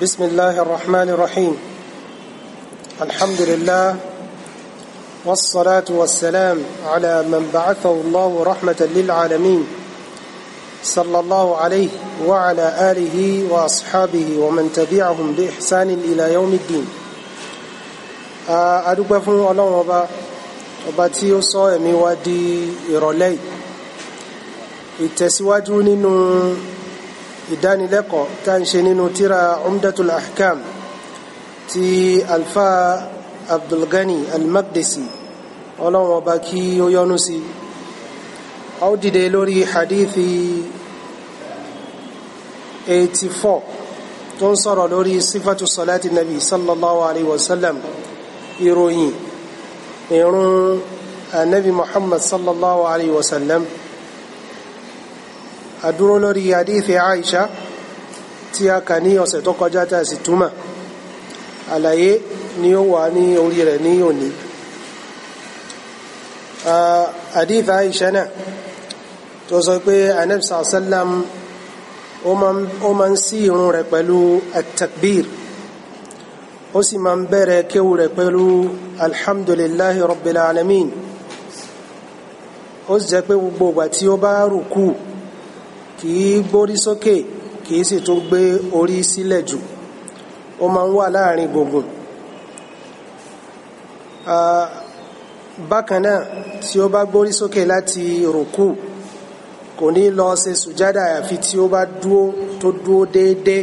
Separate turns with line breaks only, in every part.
بسم الله الرحمن الرحيم الحمد لله والصلاة والسلام على من بعثه الله رحمة للعالمين صلى الله عليه وعلى آله وأصحابه ومن تبعهم بإحسان إلى يوم الدين أدوك فن الله وبا ọba tí ó sọ ẹ̀mí wa ìdánilẹ́kọ̀ọ́ tá ń ṣe nínú tíra umdatul ahkam ti alfa abdulgani almaqdisi ọlọ́run ọba kí ó yọ́nú sí a ó dìde lórí hadithi 84 tó ń sọ̀rọ̀ lórí sífàtú sọláti nabi sallallahu alaihi wasallam ìròyìn ìrun anabi muhammad sallallahu alaihi wasallam adúró lórí adífi Aisha tí a kà ní ọ̀sẹ̀ tó kọjá tá a sì túmọ̀ àlàyé ni ó wà ní orí rẹ̀ ní òní adífi Aisha náà tó sọ pé anabisa sallam ó máa ń sí irun rẹ̀ pẹ̀lú at ó sì máa ń bẹ̀rẹ̀ kéwù rẹ̀ pẹ̀lú alhamdulillahi rabbil alamin ó sì jẹ́ pé gbogbo ìgbà tí ó bá rùkú kì í gbórí sókè kì í sì tún gbé orí sílẹ̀ jù ó máa ń wà láàrin gbùngbùn bákan náà tí ó bá gbórí sókè láti rùkú kò ní lọ ṣe sùjádà àfi tí ó bá dúó tó dúó déédéé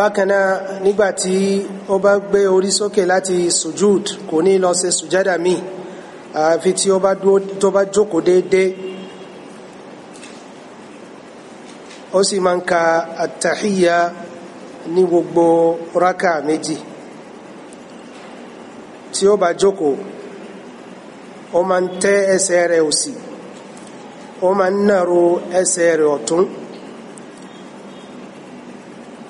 bákanáà nígbàtí ó bá gbé orí sókè láti sujud kò ní lọ ṣe sujada mi àfi tí ó bá tó bá jókòó déédéé ó sì máa ń ka àtàhíyà ní gbogbo rákà méjì tí ó bá jókòó ó máa ń tẹ ẹsẹ̀ rẹ̀ òsì ó máa ń nàró ẹsẹ̀ rẹ̀ ọ̀tún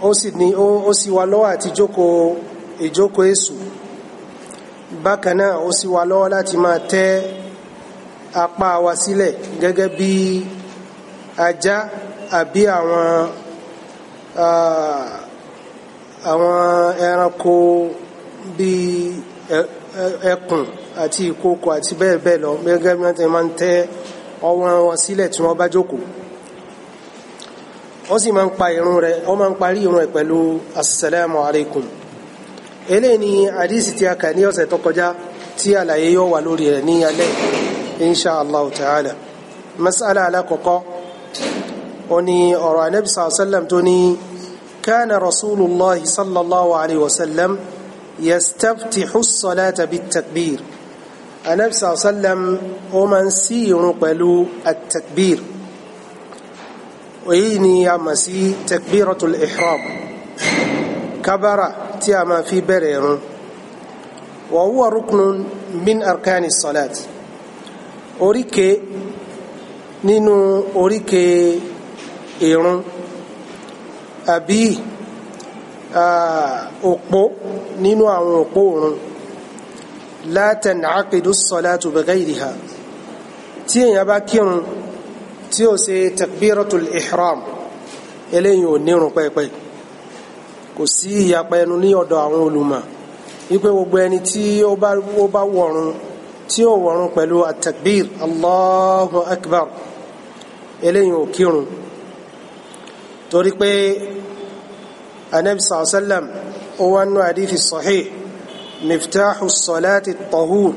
ó sì ní ó sì wà lọ́wọ́ àti jókòó ìjókòó èṣù bákan náà ó sì wà lọ́wọ́ láti máa tẹ́ apá wa sílẹ̀ gẹ́gẹ́ bí ajá àbí àwọn àwọn ẹranko bí ẹkùn àti ìkookò àti bẹ́ẹ̀ bẹ́ẹ̀ lọ gẹ́gẹ́ bí wọ́n ti máa tẹ́ ọwọ́ wọn sílẹ̀ tí wọ́n bá jókòó wọ́n sì máa ń pa irun rẹ̀ wọ́n máa ń parí irun rẹ̀ pẹ̀lú assalamu alaikum eléyìí ni àdísì tí a kà ní ọ̀sẹ̀ tó kọjá tí àlàyé yóò wà lórí rẹ̀ ní alẹ́ insha allah ta'ala masala alakọ̀kọ́ ó ní ọ̀rọ̀ anabi sallam tó ní kana rasulullah sallallahu alaihi wasallam yastaftihu as-salata bit-takbir anabi sallam ó máa ń ṣí irun pẹ̀lú at-takbir èyí ni a mọ̀ sí takbiratul ihram kábàrà tí a máa fi bẹ̀rẹ̀ ìrun wa huwa ruknun min arkani salat oríke nínú oríke ìrun àbí òpó nínú àwọn òpó òrun la tan'aqidu salatu bighayriha tí èèyàn bá kírun tí ó ṣe takbiratul ihram eléyìí ò nírun pẹ́ẹ́pẹ́ kò sí ìyapa ẹnu ní ọ̀dọ̀ àwọn olùmọ̀ wípé gbogbo ẹni tí ó bá ó bá wọ̀run tí ó wọ̀run pẹ̀lú atakbir allahu akbar eléyìí ò kírun torí pé anabi sallam ó wá nú àdífi sahih miftahu salati tahur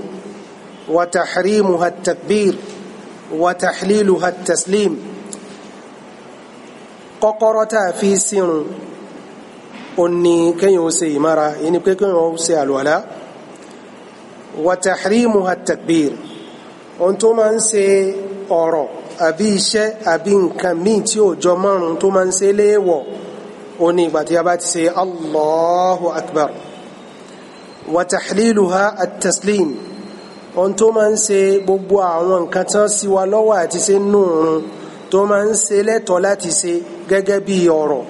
wa tahrimuha takbir. وتحليلها التسليم kọ́kọ́rọ́ في a أني sírun ó ní kéèyàn ó ṣe ìmára ẹni وتحريمها التكبير أنتم أنسي máa ń ṣe ọ̀rọ̀ àbí iṣẹ́ àbí nǹkan míì tí ò jọ márùn tó máa ń ṣe léèwọ̀ ó ní ìgbà tí a bá ti ṣe Allahu Akbar وتحليلها التسليم ohun tó máa ń ṣe gbogbo àwọn nǹkan tán sí wa lọ́wọ́ àti ṣe nù run tó máa ń ṣe lẹ́tọ̀ọ́ láti ṣe gẹ́gẹ́ bí ọ̀rọ̀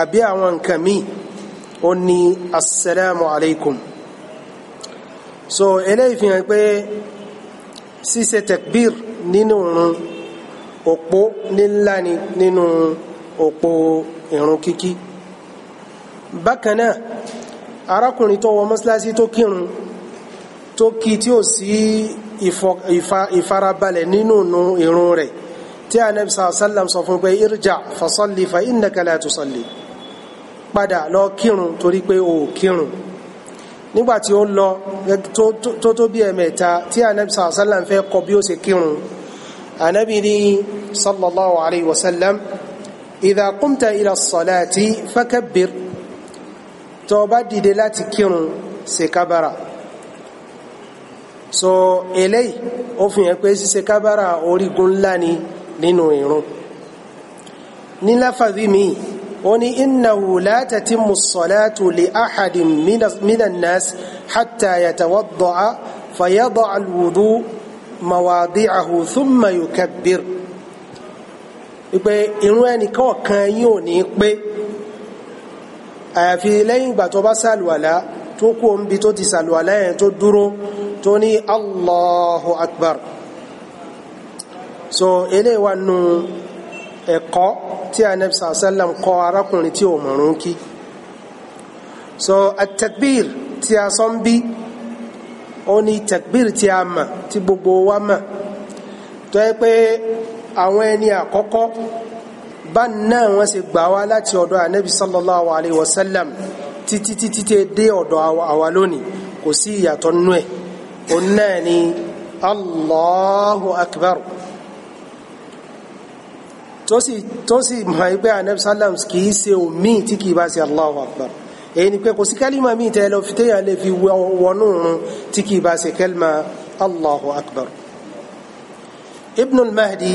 àbí àwọn nǹkan míì ó ní assalamu alaikum so eléyìí fi hàn pé ṣíṣe tekbir nínú òrun òpó nílá ni nínú òpó ìrun kíkí bákan náà arákùnrin tó wọ mọ́sálásí tó kírun tó kí tí ó sí ìfarabalẹ̀ nínú irun rẹ̀ tí anabi sallam sọ fún pé irja fasalli fa innaka la tusalli padà lọ kírun torí pé o kírun nígbàtí ó lọ tó tó bí ẹ̀mẹ̀ta tí anabi sallam fẹ́ kọ́ bí ó ṣe kírun anabi ni sallallahu alayhi wa sallam idha qumta ila salati fakabbir tó bá dìde láti kírun ṣe kábàrà so eléyìí ó fi hàn pé ṣíṣe kábàrà orígun ńlá ni nínú ìrun ní láfàbí mi ó ní innahu la tatimmu salatu li ahadin minan nas hatta yatawadda'a fayada'a alwudu mawadi'ahu thumma yukabbir ìpè ìrun ẹnìkan kan yìí ò ní pé àyàfi lẹ́yìn ìgbà tó bá sàlùwàlá tó kú omi tó ti sàlùwàlá yẹn tó dúró tó ní allahu akbar so eléyìí wà nù ẹ̀kọ́ tí anabi sallam kọ́ arákùnrin tí ò mọ̀rún kí so atakbir tí a sọ ń bí ó ní takbir tí a mà tí gbogbo wa mà tó yẹ pé àwọn ẹni àkọ́kọ́ bá náà wọ́n ṣe gbà wá láti ọ̀dọ̀ ànábì sallallahu alayhi wa sallam títí títí dé ọ̀dọ̀ àwa lónìí kò sí ìyàtọ̀ nínú ẹ̀ onáni allahu akbar tó sì tó sì mọ̀ ẹgbẹ́ anabi sallam kì í ṣe omi tí kì í bá ṣe allahu akbar èyí ni pé kò sí kálímà míì tẹ́ lọ fi téèyàn lè fi wọnú òun tí kì í bá ṣe kálímà allahu akbar ibn mahdi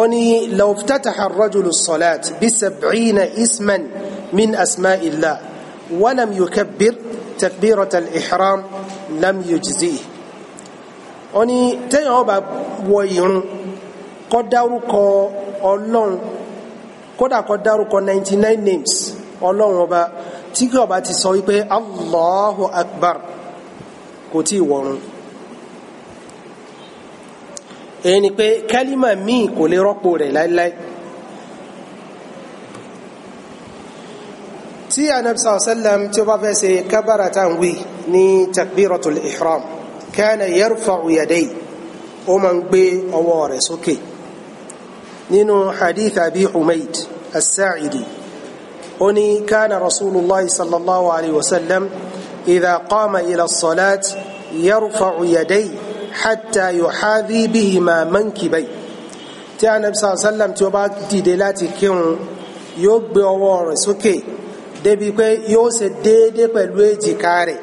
ó law iftataha ar-rajulu salat bi sab'ina isman min asma'illah wa lam yukabbir takbiratal ihram lam yujzi ó ní téèyàn ó bá wọ ìrun kó dárúkọ ọlọ́run kódà kó dárúkọ ninety nine names ọlọ́run ọba tí kí ọba ti sọ wípé allahu akbar kò tí ì wọ̀run èyí ni pé kálímà míì kò lè rọ́pò rẹ̀ láéláé. Lai lai. tí anabi sallam tí ó bá fẹ́ ṣe kábàrà táwọn wí ní takbiratul ihram kana yarfa'u yaday ó máa ń gbé ọwọ́ rẹ̀ sókè nínú hadith abi humaid as-sa'idi ó ní kana rasulullah sallallahu alayhi wa sallam idha qama ila as-salat yarfa'u yaday hatta yuhadhi bihima mankibay tí anabi sallam tí ó bá dìde láti kírun yóò gbé ọwọ́ rẹ̀ sókè débi pé yóò ṣe déédé pẹ̀lú èjìká rẹ̀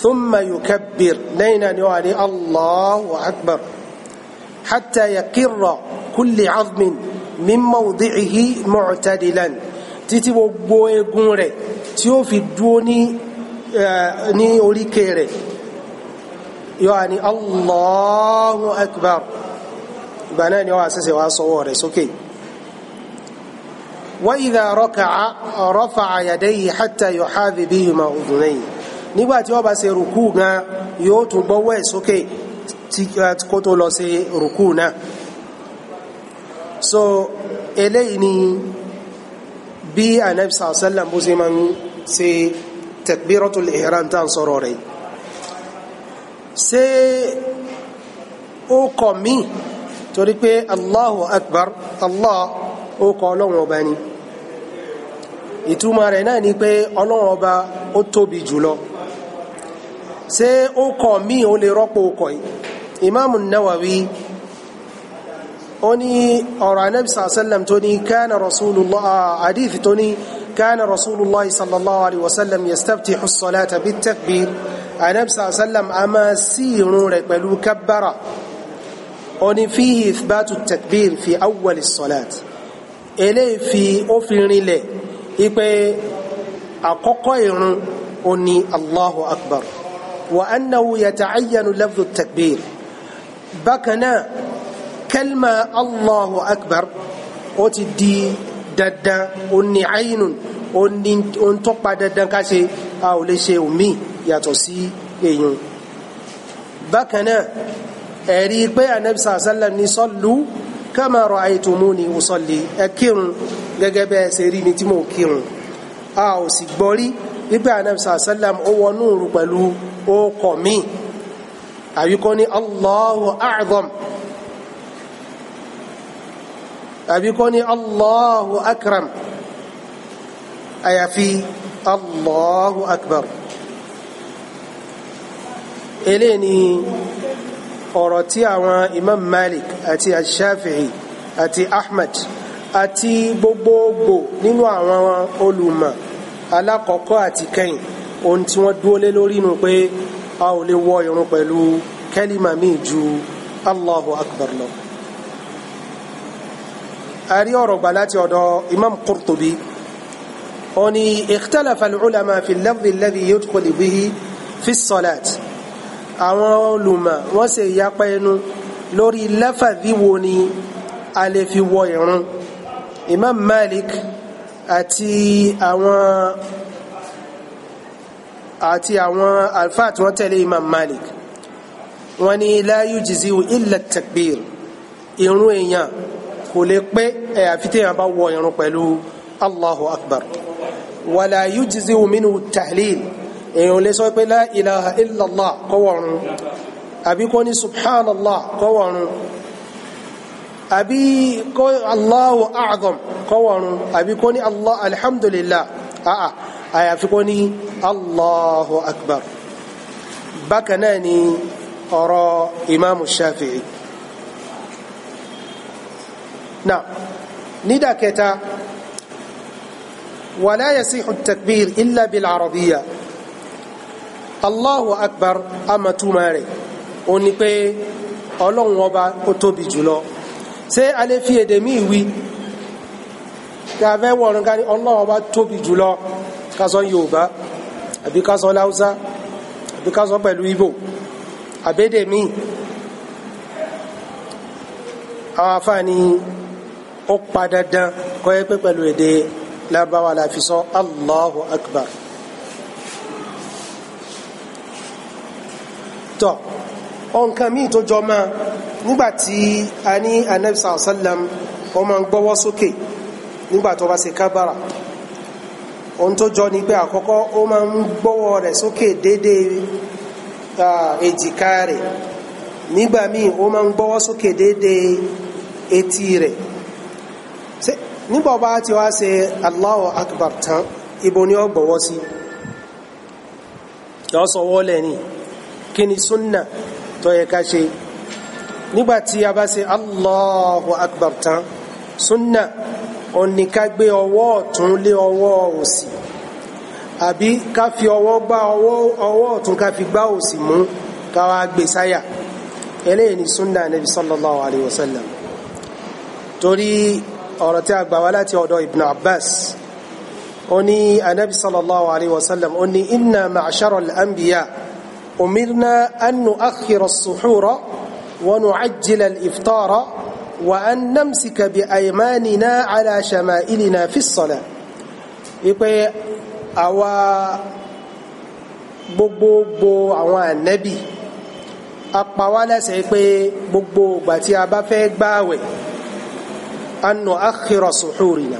thumma yukabbir lẹ́yìn náà ni wà ní allahu akbar hatta yakirra kulli azmin min mawdi'ihi mu'tadilan títí gbogbo egun rẹ̀ tí ó fi dúó ní oríkè rẹ̀ yóò wà ní allahu akbar ìgbà náà ni wà sẹ́sẹ̀ wá sọ́wọ́ rẹ̀ sókè okay. وإذا ركع رفع يديه حتى يحاذي بهما أذنيه nígbà tí ó bá ṣe rùkú gan yóò tún gbọ́wọ́ ẹ̀ sókè kó tó lọ ṣe rùkú náà so eléyìí ni bí anabi sàlẹ̀ bó ṣe máa ń ṣe takbiratul ihram tá à ń sọ̀rọ̀ rẹ̀ ṣé ó kọ̀ mí torí pé allahu akbar allah ó kọ́ ọlọ́run ọba ni ìtumọ̀ rẹ̀ náà ni pé ọlọ́run ọba ó tóbi jùlọ ṣé ó kọ̀ míì ó lè rọ́pò kọ̀ yìí imaamu nawawi ó ní ọ̀rọ̀ anabi sallam tó ní kánà rasulullah hadith tó ní kánà rasulullah sallallahu alayhi wa sallam yastaftihu as-salata bit-takbir anabi sallam a máa sí irun rẹ̀ pẹ̀lú kabbara ó ní fihi ithbatu at-takbir fi awwal as eléyìí fi ó fi rinlẹ̀ ipe àkọ́kọ́ ìrun ó ní allahu akbar wa annahu yata'ayyanu lafdhu takbir bákan náà kẹlma allahu akbar ó ti di dandan ó ní aynun ó ní ohun tó pa dandan ká ṣe a ò lè ṣe omi yàtọ̀ sí èèyàn bákan náà ẹ̀rí anabi sallallahu alaihi wasallam ní sọ́lù kama ra'aytumuni usalli ẹ kírun gẹ́gẹ́ bẹ́ẹ̀ ṣe rí mi tí mo kírun a ò sì gbọ́ rí wípé anamsa sallam ó wọnú òru pẹ̀lú ọkọ̀ mi àbíkọ́ ní allahu a'zam àbíkọ́ ní allahu akram àyàfi allahu akbar eléyìí ni ọ̀rọ̀ tí àwọn imam malik àti ashafi'i àti ahmed àti gbogbogbò nínú àwọn olùmọ̀ alákọ̀ọ́kọ́ àti kẹ́yìn ohun tí wọ́n dúó lé lórí nu pé a ò lè wọ irun pẹ̀lú kẹ́límà míì ju allahu akbar lọ a rí ọ̀rọ̀ gbà láti ọ̀dọ̀ imam qurtubi ó ikhtalafa al-ulama fi al-lafzi alladhi yudkhal bihi fi as àwọn olùmọ̀ wọ́n ṣe ìyapa ẹnu lórí lafadhi wo ni a lè fi wọ ìrun Imam Malik àti àwọn àti àwọn alfáà tí wọ́n tẹ̀lé Imam Malik wọ́n ní la yujziu illa takbir ìrun èèyàn kò lè pé ẹ̀ àfi téèyàn bá wọ ìrun pẹ̀lú Allahu Akbar wala yujziu minhu tahlil èèyàn lè sọ pé la ilaha illallah kọ́wọ̀run àbí kó ní subhanallah kọ́wọ̀run àbí kó allahu a'zam kọ́wọ̀run àbí kó ní allah alhamdulillah àà àyàfi kó ní allahu akbar bákan náà ni ọ̀rọ̀ imaamu shafi'i náà nídàkẹta wala yasihu at-takbir bil arabiyya allahu akbar amatuma rẹ̀ ó ní pé ọlọ́run ọba ó tóbi jùlọ ṣé a lè fi èdè míì wí ká fẹ́ wọ̀run ká ní ọlọ́run ọba tóbi jùlọ ká sọ yorùbá àbí ká sọ láwùsá àbí ká sọ pẹ̀lú ìbò àbédè míì pa dandan kọ́ ẹ pé pẹ̀lú èdè lárúbáwá la fi sọ allahu akbar. ọ̀nkan míì tó jọ máa nígbàtí a ní anẹ́bísà ọ̀sálàm wọ́n máa ń gbọ́wọ́ sókè nígbàtí wọ́n bá ṣe ohun tó jọ pé àkọ́kọ́ ó ń gbọ́wọ́ rẹ̀ sókè dédé èjìká rẹ̀ nígbà míì ó máa ń gbọ́wọ́ sókè dédé etí rẹ̀ nígbà ọba Akbar tán ibo ni ó gbọ́wọ́ sí sunna tó yẹ ká ṣe nígbàtí a bá ṣe allahu akbar tán sunna ó ní ká gbé ọwọ́ ọ̀tún lé ọwọ́ òsì àbí ká fi ọwọ́ gbá ọwọ́ ọ̀tún ká fi gbá òsì mú ká wá gbé sáyà eléyìí ni sunna nabi sallallahu alayhi wa sallam torí ọ̀rọ̀ tí a gbà wá láti ọ̀dọ̀ ibn abbas ó anabi sallallahu alayhi wa sallam ó inna ma'ashara al أمرنا أن نؤخر السحور ونعجل الإفطار وأن نمسك بأيماننا على شمائلنا في الصلاة يبقى أوا gbogbogbò àwọn ànẹ́bì apawálẹ́sẹ̀ pé gbogbo ìgbà tí a bá fẹ́ gbáwẹ̀ annu akhira suhurina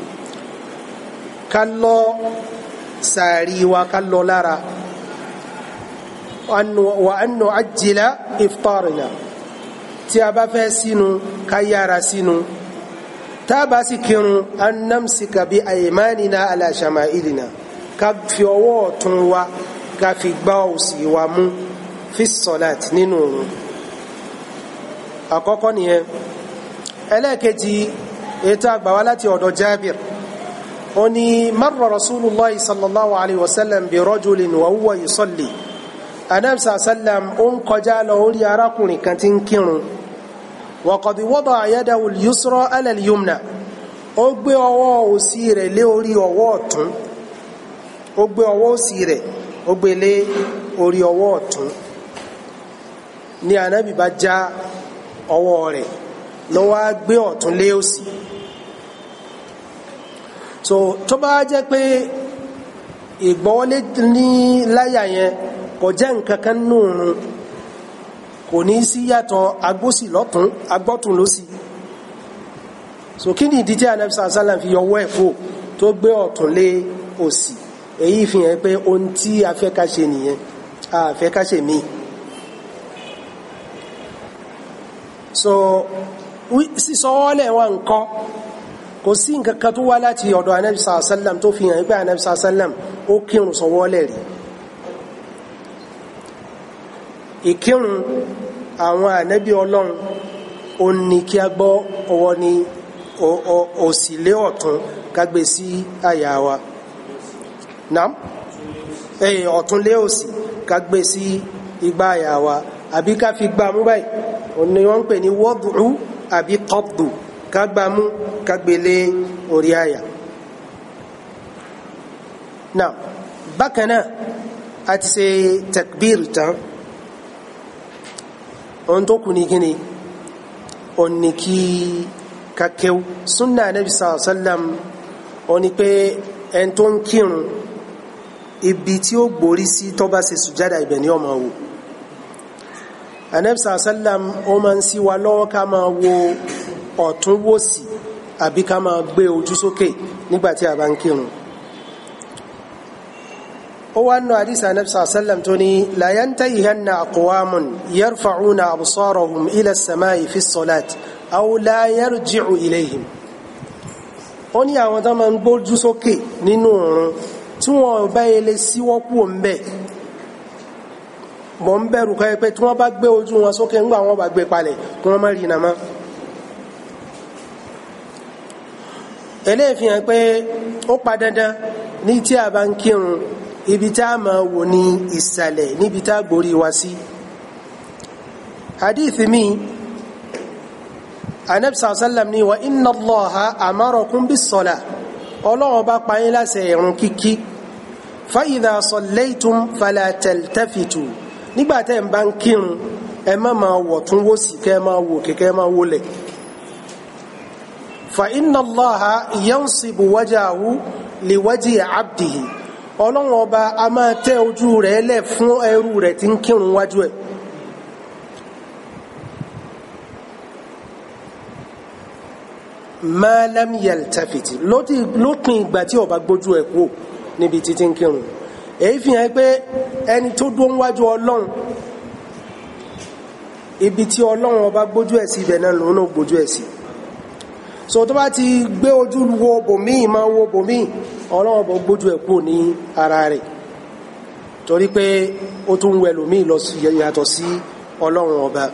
ká lọ sàárì wa ká lọ lára وأن نعجل إفطارنا tí a bá fẹ́ sínú ká yára sínú tá a bá sì kírun an namsika bi aymanina ala shama'ilina ká fi ọwọ́ ọ̀tún wa ká fi gbá òsì wa mú fi sọ̀láàtì nínú òun àkọ́kọ́ nìyẹn ẹlẹ́ẹ̀kejì ètò àgbàwá láti ọ̀dọ̀ Jabir ó ní marra rasulullah sallallahu alayhi wa sallam bi rajulin wa huwa yusalli anamsa sallam ó ń kọjá lọ orí arákùnrin kan tí ń kírun wọ̀kọ̀dì wọ́dọ̀ àyẹ́dáwò yusra alẹ́lìyumna ó gbé ọwọ́ òsì rẹ̀ lé orí ọwọ́ ọ̀tún ó gbé ọwọ́ òsì rẹ̀ ó gbé lé orí ọwọ́ ọ̀tún ní anábì bá já ọwọ́ rẹ̀ ló wá gbé ọ̀tún lé òsì tó bá jẹ́ pé ìgbọ́wọ́lé ní láyà yẹn kò jẹ́ nǹkan kan nùrùn kò ní sí yàtọ̀ agbósì lọ́tún agbọ́tún ló sì so kí ni ìdí tí anabi sàlám fi yọwọ́ ẹ̀ fò tó gbé ọ̀tún lé òsì èyí fi hàn pé ohun tí a fẹ́ ká ṣe nìyẹn a fẹ́ ká ṣe míì so sísọwọ́lẹ̀ wa nǹkan kò sí nǹkan kan tó wá láti ọ̀dọ̀ anabi sàlám tó fi hàn pé anabi sàlám ó kírun sọwọ́lẹ̀ rí ìkírun àwọn ànábì ọlọ́run ó ní kí a gbọ́ ọwọ́ ní òsì lé ọ̀tún kágbé sí àyà wa nam ẹ̀yìn ọ̀tún lé òsì kágbé sí igbá àyà wa àbí ká fi gbá mú báyìí òun ni wọ́n ń pè ní wọ́dùrú àbí kọ́bù kágbá kágbé lé orí àyà nam bákan náà a ṣe takbir tán ohun tó kù ní kíni òní kí kakewu sunna anabi sàlọ sàlám òní pé ẹni tó ń kírun ibi tí ó gborí sí tó bá ṣe sùjádà ibẹ̀ ni ó máa wò anabi sàlọ sàlám ó máa ń wa lọ́wọ́ ká máa wo ọ̀tún wòsì àbí ká máa gbé ojú sókè nígbà tí ń kírun هو أن nù àdìsí anabi sàlá sàlám tó ní làyàntà ìhànà àkùwámùn yarfa'una absarahum ila samai fi salat aw la yarji'u ilayhim ó ní àwọn tó máa ń gbójú sókè nínú òrun tí wọn bá ilé síwọ́pù ńbẹ bọ̀ ń bẹ̀rù kọ́ pé tí wọ́n bá gbé ojú wọn sókè ńgbà wọn bá gbé palẹ̀ kí wọ́n má rí iná mọ́. eléyìí pé ó pa dandan ní tí a bá ń kírun ibi tá a máa wò ní ìsàlẹ̀ níbi tá a gbórí wa sí hadith mi anabi sallam ni wa inna allaha amarakum bis sala ọlọ́run bá pa yín láṣẹ ìrun kíkí fa idha sallaytum fala ń bá ń kírun ẹ má máa wọ̀ tún wò sí kẹ́ máa wò kẹ́kẹ́ máa wò lẹ̀ fa inna allaha yansibu wajahu liwaji abdihi ọlọ́run ọba a máa tẹ́ ojú rẹ̀ lẹ̀ fún ẹrú rẹ̀ tí ń kírun wájú ẹ̀ ma lam yaltafiti lópin ìgbà tí ó bá gbójú ẹ̀ kúrò níbi títí ń kírun èyí fi hàn pé ẹni tó dó wájú ọlọ́run ibi tí ọlọ́run ọba gbójú ẹ̀ sí ibẹ̀ náà lòun náà gbójú ẹ̀ sí so tó bá ti gbé ojú wo bòmíì máa wo bòmíì ọlọ́wọ́ bọ̀ gbójú ẹ̀ kú ní ara rẹ̀ torí pé ó tún wẹ̀ lómi lọ yàtọ̀ sí ọlọ́run ọba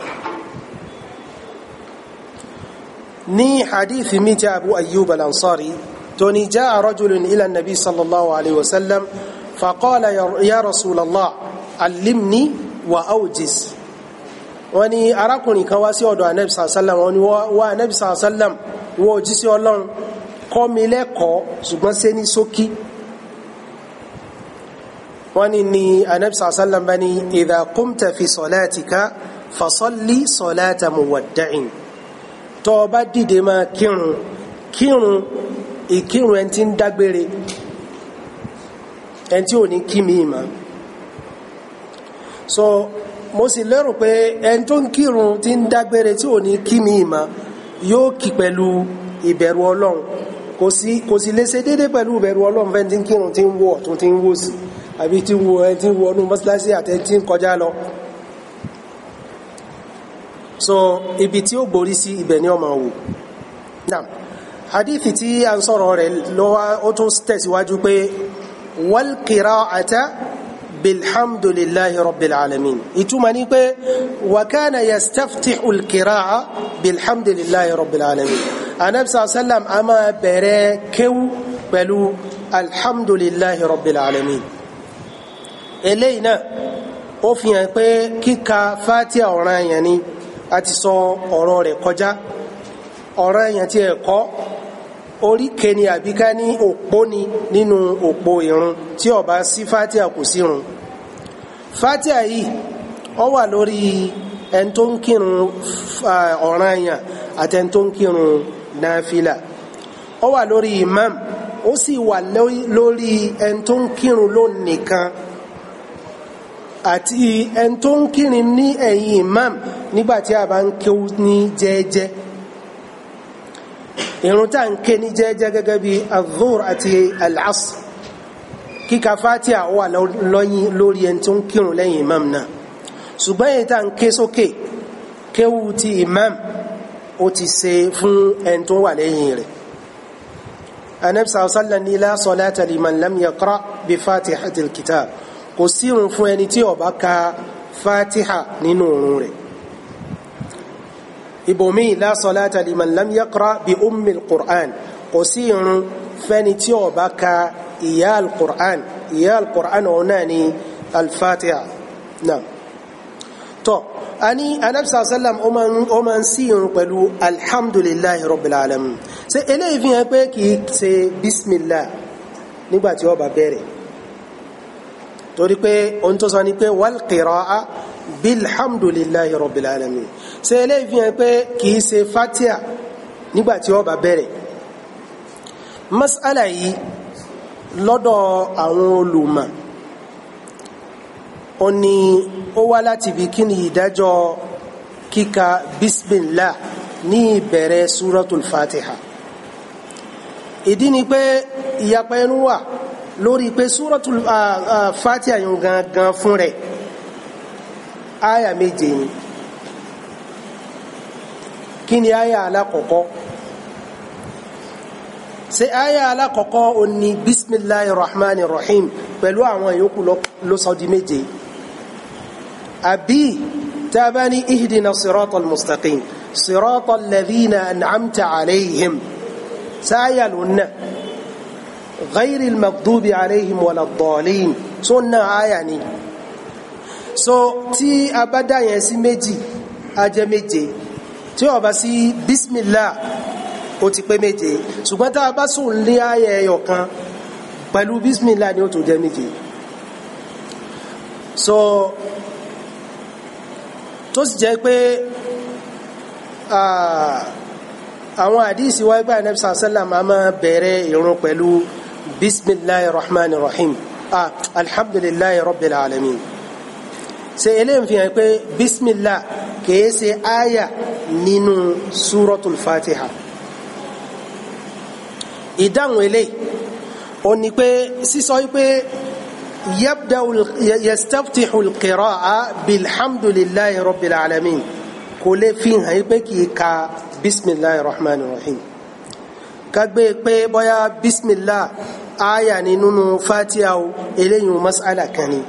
ní hadithi mi jẹ́ abu ayyub al-ansari tó ní jaa rajulun ila nabi sallallahu alaihi wasallam faqala ya rasulallah allimni wa awjis wọ́n ní arákùnrin kan wá sí ọ̀dọ̀ anabi sallallahu alaihi wasallam wọ́n ní wọ́n anabi sallallahu alaihi wasallam wọ́n jí sí ọlọ́run kọ́ mi lẹ́kọ̀ọ́ ṣùgbọ́n ṣe ní ṣókí wọ́n ní ní anabisa sallam bá ní idha qumta fi salatika fasalli salata muwadda'in tó bá dìde máa kírun kírun ìkírun ẹni tí ń dágbére ẹni tí ò ní kí mi ìmọ̀ so mo sì lérò pé ẹni tó ń kírun tí ń dágbére tí ò ní kí mi ìmọ̀ yóò kí pẹ̀lú ìbẹ̀rù ọlọ́run kò sí kò sí lè ṣe déédéé pẹ̀lú ìbẹ̀rù ọlọ́run fẹ́ tí ń kírun tí ń wọ̀ tó ti ń wò sí àbí tí ń wo ẹni tí ń wọnú mọ́sálásí àti ẹni tí ń kọjá lọ so ibi tí ó gborí sí ibẹ̀ ni ọmọ wò náà hadithi tí a ń sọ̀rọ̀ rẹ̀ lọ́wọ́ ó tún tẹ̀síwájú pé wal qira'ata bilhamdulillahi rabbil alamin ìtumọ̀ ni pé wa kana yastaftihu al qira'a rabbil alamin anabisa sallam a máa bẹ̀rẹ̀ kéwú pẹ̀lú alhamdulillahi rabbil alamin eléyìí náà ó fi hàn pé kíka fatia ọ̀ràn yẹn ni a ti sọ ọ̀rọ̀ rẹ̀ kọjá ọ̀ràn yẹn ti ẹ̀kọ́ oríkè ni àbíká ní òpó ni nínú òpó ìrun tí ó sí fatia kò sí ìrun fatia yìí ó wà lórí ẹni tó ń kírun ọ̀ràn yẹn àti ẹni tó ń kírun náfìlà ó wà lórí imam ó sì wà lórí ẹni tó ń kírun ló nìkan àti ẹni tó ń kírun ní ẹ̀yìn imam nígbàtí a bá ń kéwú ní jẹ́ẹ́jẹ́ irun tá ń ké ní jẹ́ẹ́jẹ́ gẹ́gẹ́ bí azur àti al kíka fatia wà lórí ẹni tó ń kírun lẹ́yìn imam náà ṣùgbọ́n èyí tá ń ké sókè kéwú ti imam. Okay ó ti ṣe fún ẹni tó wà lẹ́yìn rẹ̀ anabi sàlọ sàlẹ ní la salata liman lam yaqra bi fatihatil kitab kò sírun fún ẹni tí ó bá ka fatiha nínú òrùn rẹ̀ ibòmí la salata liman lam yaqra bi ummil kò sí fẹ́ni tí ó ka ìyá al ìyá al-qur'an ni al náà tọ́ a ní anabisa sallam ó máa ń sí irun pẹ̀lú alhamdulillahi rabbil alamin ṣe eléyìí fi hàn pé kì í ṣe bismillah nígbà tí ó bá bẹ̀rẹ̀ torí pé ohun tó sọ ni pé wal qira'a bilhamdulillahi rabbil alamin ṣe eléyìí fi hàn pé kì ṣe fatia nígbà tí bá bẹ̀rẹ̀ mas'ala yìí lọ́dọ̀ àwọn olùmọ̀ ó ní ó wá láti bí kí ni ìdájọ́ kíka bismillah ní ìbẹ̀rẹ̀ suratul fatiha ìdí ni pé ìyapa ẹnu wà lórí pé suratul fatiha yóò gangan fún rẹ̀ aya méje ni kí ni aya alákọ̀ọ́kọ́ ṣe aya alákọ̀ọ́kọ́ ó ní bismillahir rahmanir pẹ̀lú àwọn yòókù ló méje yìí أبي تابني a صراط المستقيم صراط الذين أنعمت عليهم alladhina غير alayhim عليهم ولا الضالين maghdubi alayhim so tí a bá dá yẹn sí méjì á jẹ́ méje tí ó bá sí bismillah ó ti pé méje ṣùgbọ́n tá a bá sùn ní àyà ẹyọ pẹ̀lú bismillah ni ó tó jẹ́ méje so tó sì jẹ́ pé àwọn àdísì wáyé bá ẹnẹ́bí sàṣẹ́là máa máa bẹ̀rẹ̀ ìrun pẹ̀lú bismillahir rahmanir rahim ah alhamdulillahi rabbil alamin ṣe eléyìí fi hàn pé bismillah kìí ṣe àyà nínú suratul fatiha ìdáhùn eléyìí ó ní pé sísọ pé. يبدأ يستفتح القراءة بالحمد لله رب العالمين كل فين هيبكي كا بسم الله الرحمن الرحيم كاكبي بي بويا بسم الله آية نينو فاتحة إليه مسألة كاني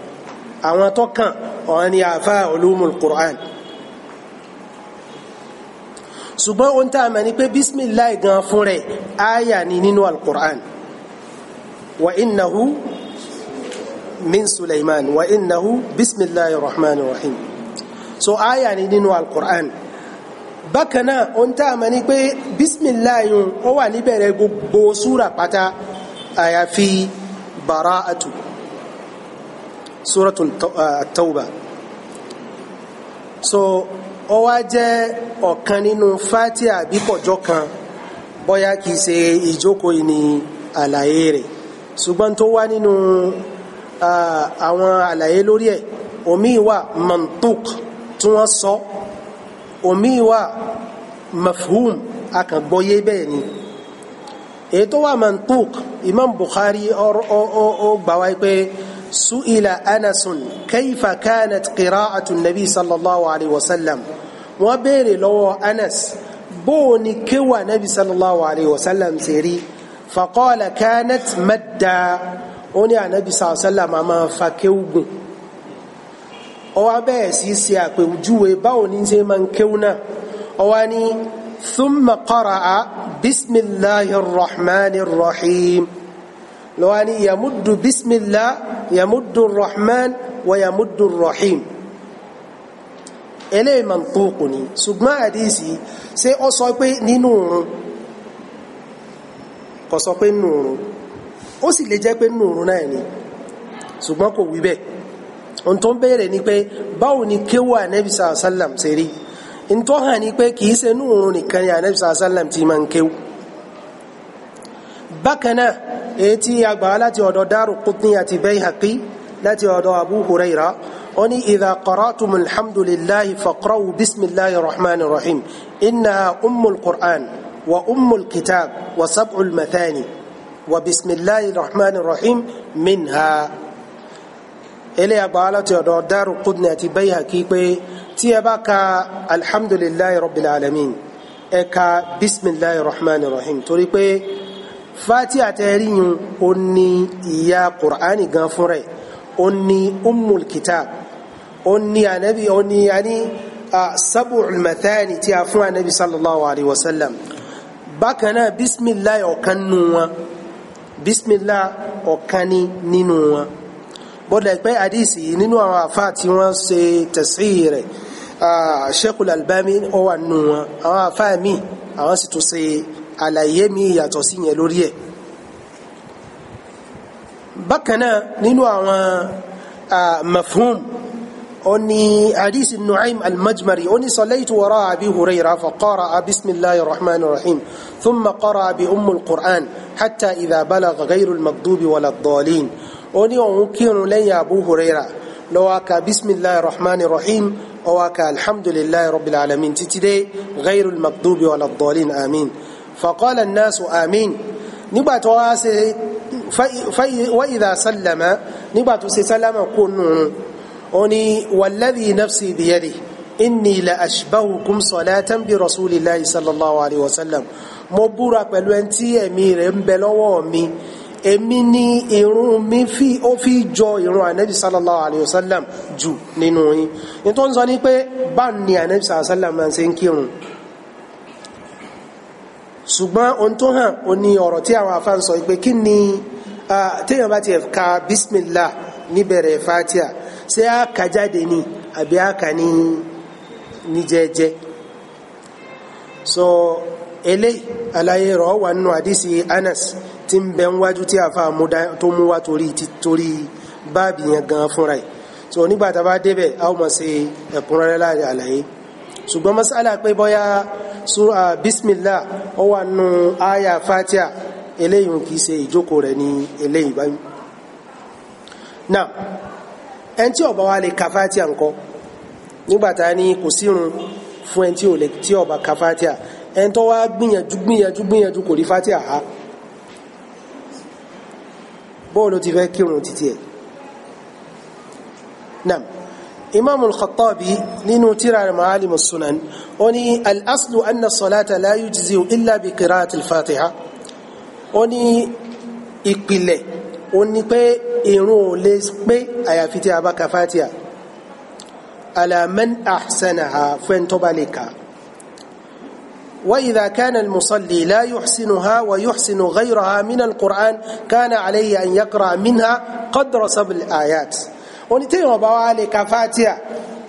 àwọn tó kàn ọ̀hán ni àfá ulumul Qur'an ṣùgbọ́n ohun tá a mẹ́ ni pé bismillah gan fún rẹ̀ áyà ni nínú al-Qur'an wa innahu min Sulaiman wa innahu bismillahir rahmanir rahim so aya ni nínú al-Qur'an bákan náà ohun tá a mọ̀ ni pé bisimilayi ó wà níbẹ̀rẹ̀ gbogbo súra pátá àyàfi bara'atu súratul tawba so ó wá jẹ́ ọ̀kan nínú fatiha bípọ̀jọ́ kan bóyá kìí ṣe ìjókòó ni àlàyé rẹ̀ ṣùgbọ́n tó wá nínú àwọn àlàyé lórí ẹ̀ omi wà mantuk tí wọ́n sọ omi wà mafhum akàngbọ́yé bẹ́ẹ̀ ni èyí tó wà mantuk imam bukhari ó gbà wáyé pé سئل أنس كيف كانت قراءة النبي صلى الله عليه وسلم وبيري لو أنس بوني كوى النبي صلى الله عليه وسلم سيري فقال كانت مدا ó ní ànábì sàásálà máa máa fa kéwùgùn ọwá bẹ́ẹ̀ sí ṣe àpèjúwe báwo ní ṣe máa ń kéwù náà ọwá ní thumma qara'a bismillahir rahmanir rahim lọ́wọ́ ní yàmúdù bismillah yàmúdù rahman wa yàmúdù rahim eléyìí mantuq ni ṣùgbọ́n àdìsí ṣé ó sọ pé nínú òrùn kò sọ pé nínú òrùn ó sì lè jẹ́ pé nínú òrùn náà ni ṣùgbọ́n kò wí bẹ́ẹ̀ ohun tó ń béèrè ni pé báwo ni kéwù ànẹ́bí sàlám ṣe rí ohun tó hàn ni pé kì í ṣe nínú òrùn nìkan ni ànẹ́bí sàlám ti máa ń kéwù bákan náà èyí tí agbàá láti ọ̀dọ̀ Daru Qutni àti Bayhaqi láti ọ̀dọ̀ Abu Huraira أني إذا قرأتم الحمد لله فاقرأوا بسم الله الرحمن الرحيم إنها أم القرآن وأم الكتاب وسبع المثاني وبسم الله الرحمن الرحيم منها إلي أبعالتي أدور دار قدنة بيها كيبي تيباكا الحمد لله رب العالمين إكا بسم الله الرحمن الرحيم تريبي fati àtẹ̀ríyìn ó ní ìyá kùránì gan fún rẹ̀ ó ní umul kitab ó ní anabi ó ní ani sabu'ul mathani tí a fún anabi sallallahu alaihi wasallam bákan náà bisimilayi ọ̀kan nù wọn bismillah ọ̀kan ni nínú wọn bọ́dà pé àdìsí nínú àwọn àfa tí wọ́n ṣe tẹ̀sí rẹ̀ Sheikhul Albani ó wà nínú wọn àwọn àfa mi àwọn sì tún ṣe àlàyé mi yàtọ̀ sí yẹn lórí ẹ̀ bákan náà nínú àwọn mafhum أني حديث النعيم المجمري أني صليت وراء أبي هريرة فقرأ بسم الله الرحمن الرحيم ثم قرأ بأم القرآن حتى إذا بلغ غير المكذوب ولا الضالين أني أمكن لي أبو هريرة لو أكا بسم الله الرحمن الرحيم أو أكا الحمد لله رب العالمين تتدي غير المكذوب ولا الضالين آمين فقال الناس آمين نبات واسي فإذا سلم نبات سلم كنون oni walladhi nafsi biyadi inni la ashbahukum salatan bi rasulillahi sallallahu alayhi wa sallam mo búra pẹ̀lú ẹni tí ẹ̀mí rẹ̀ ń bẹ lọ́wọ́ mi èmi ni irun mi fi ó fi jọ irun anabi sallallahu alayhi wa sallam jù nínú yín ní tó ń sọ ní pé báà ni anabi sallallahu alayhi wa sallam máa ṣe ń kírun ṣùgbọ́n ohun tó hàn ó ní ọ̀rọ̀ tí àwọn afáàn pé kí ni téèyàn bá ti ka bismillah níbẹ̀rẹ̀ fatia ṣé a kà jáde ni àbí a ní ní so ele àlàyé rọ̀ wà nínú àdìsí Anas tí ń bẹ níwájú tí àfa tó mú wá torí torí báàbì yẹn gan fúnra ẹ̀ so nígbà tá a bá débẹ̀ a ó mọ̀ ṣe ẹ̀kúnrẹ́rẹ́ láàrin àlàyé ṣùgbọ́n masala pé bọ́yá sura ah, bismillah ó wà nù aya fatia eléyìí kì í ṣe ìjókòó rẹ̀ ní eléyìí báyìí náà ẹni tí ọba wa lè ka fatia ńkọ́ nígbàtà ni kò sírun fún ẹni tí ò lè tí ọba ka fatia ẹni tó wá gbìyànjú gbìyànjú gbìyànjú kò rí fatia ha bóòlù ti fẹ́ kírun títí ẹ̀ nam imam al-khattabi nínú tírà ma'alim sunan ó ní al-aslu anna salata la yujzi illa bi qira'ati al-fatiha ó ní ìpìlẹ̀ ó ní pé irun ò lè pé àyàfi tí a bá ka fatia ala man ahsanaha tó bá lè kà وإذا كان المصلي لا يحسنها ويحسن غيرها من القرآن كان عليه أن يقرأ منها قدر سبع آيات onítẹ̀yìn bá wá lè ka fatia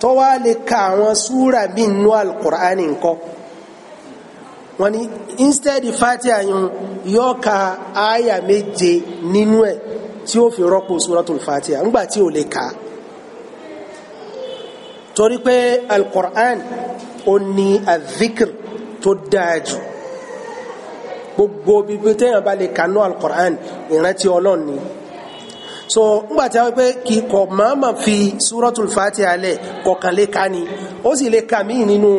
tó wá lè ka àwọn súra míì nínú alukur'an nǹkan wọn instead fatia yun yóò ka aya méje nínú ẹ̀ tí ó fi rọ́pò suratul fatiha ńgbà tí ò lè kà á torí pé al-Qur'an ó ní adhikr tó dáa gbogbo bíbí téèyàn bá lè kà nú ìrántí ọlọ́run ni so ńgbà tí a wípé kì í kọ màmá fi suratul fatiha lẹ̀ kọ̀ọ̀kan lè ka ni ó sì lè ka míì nínú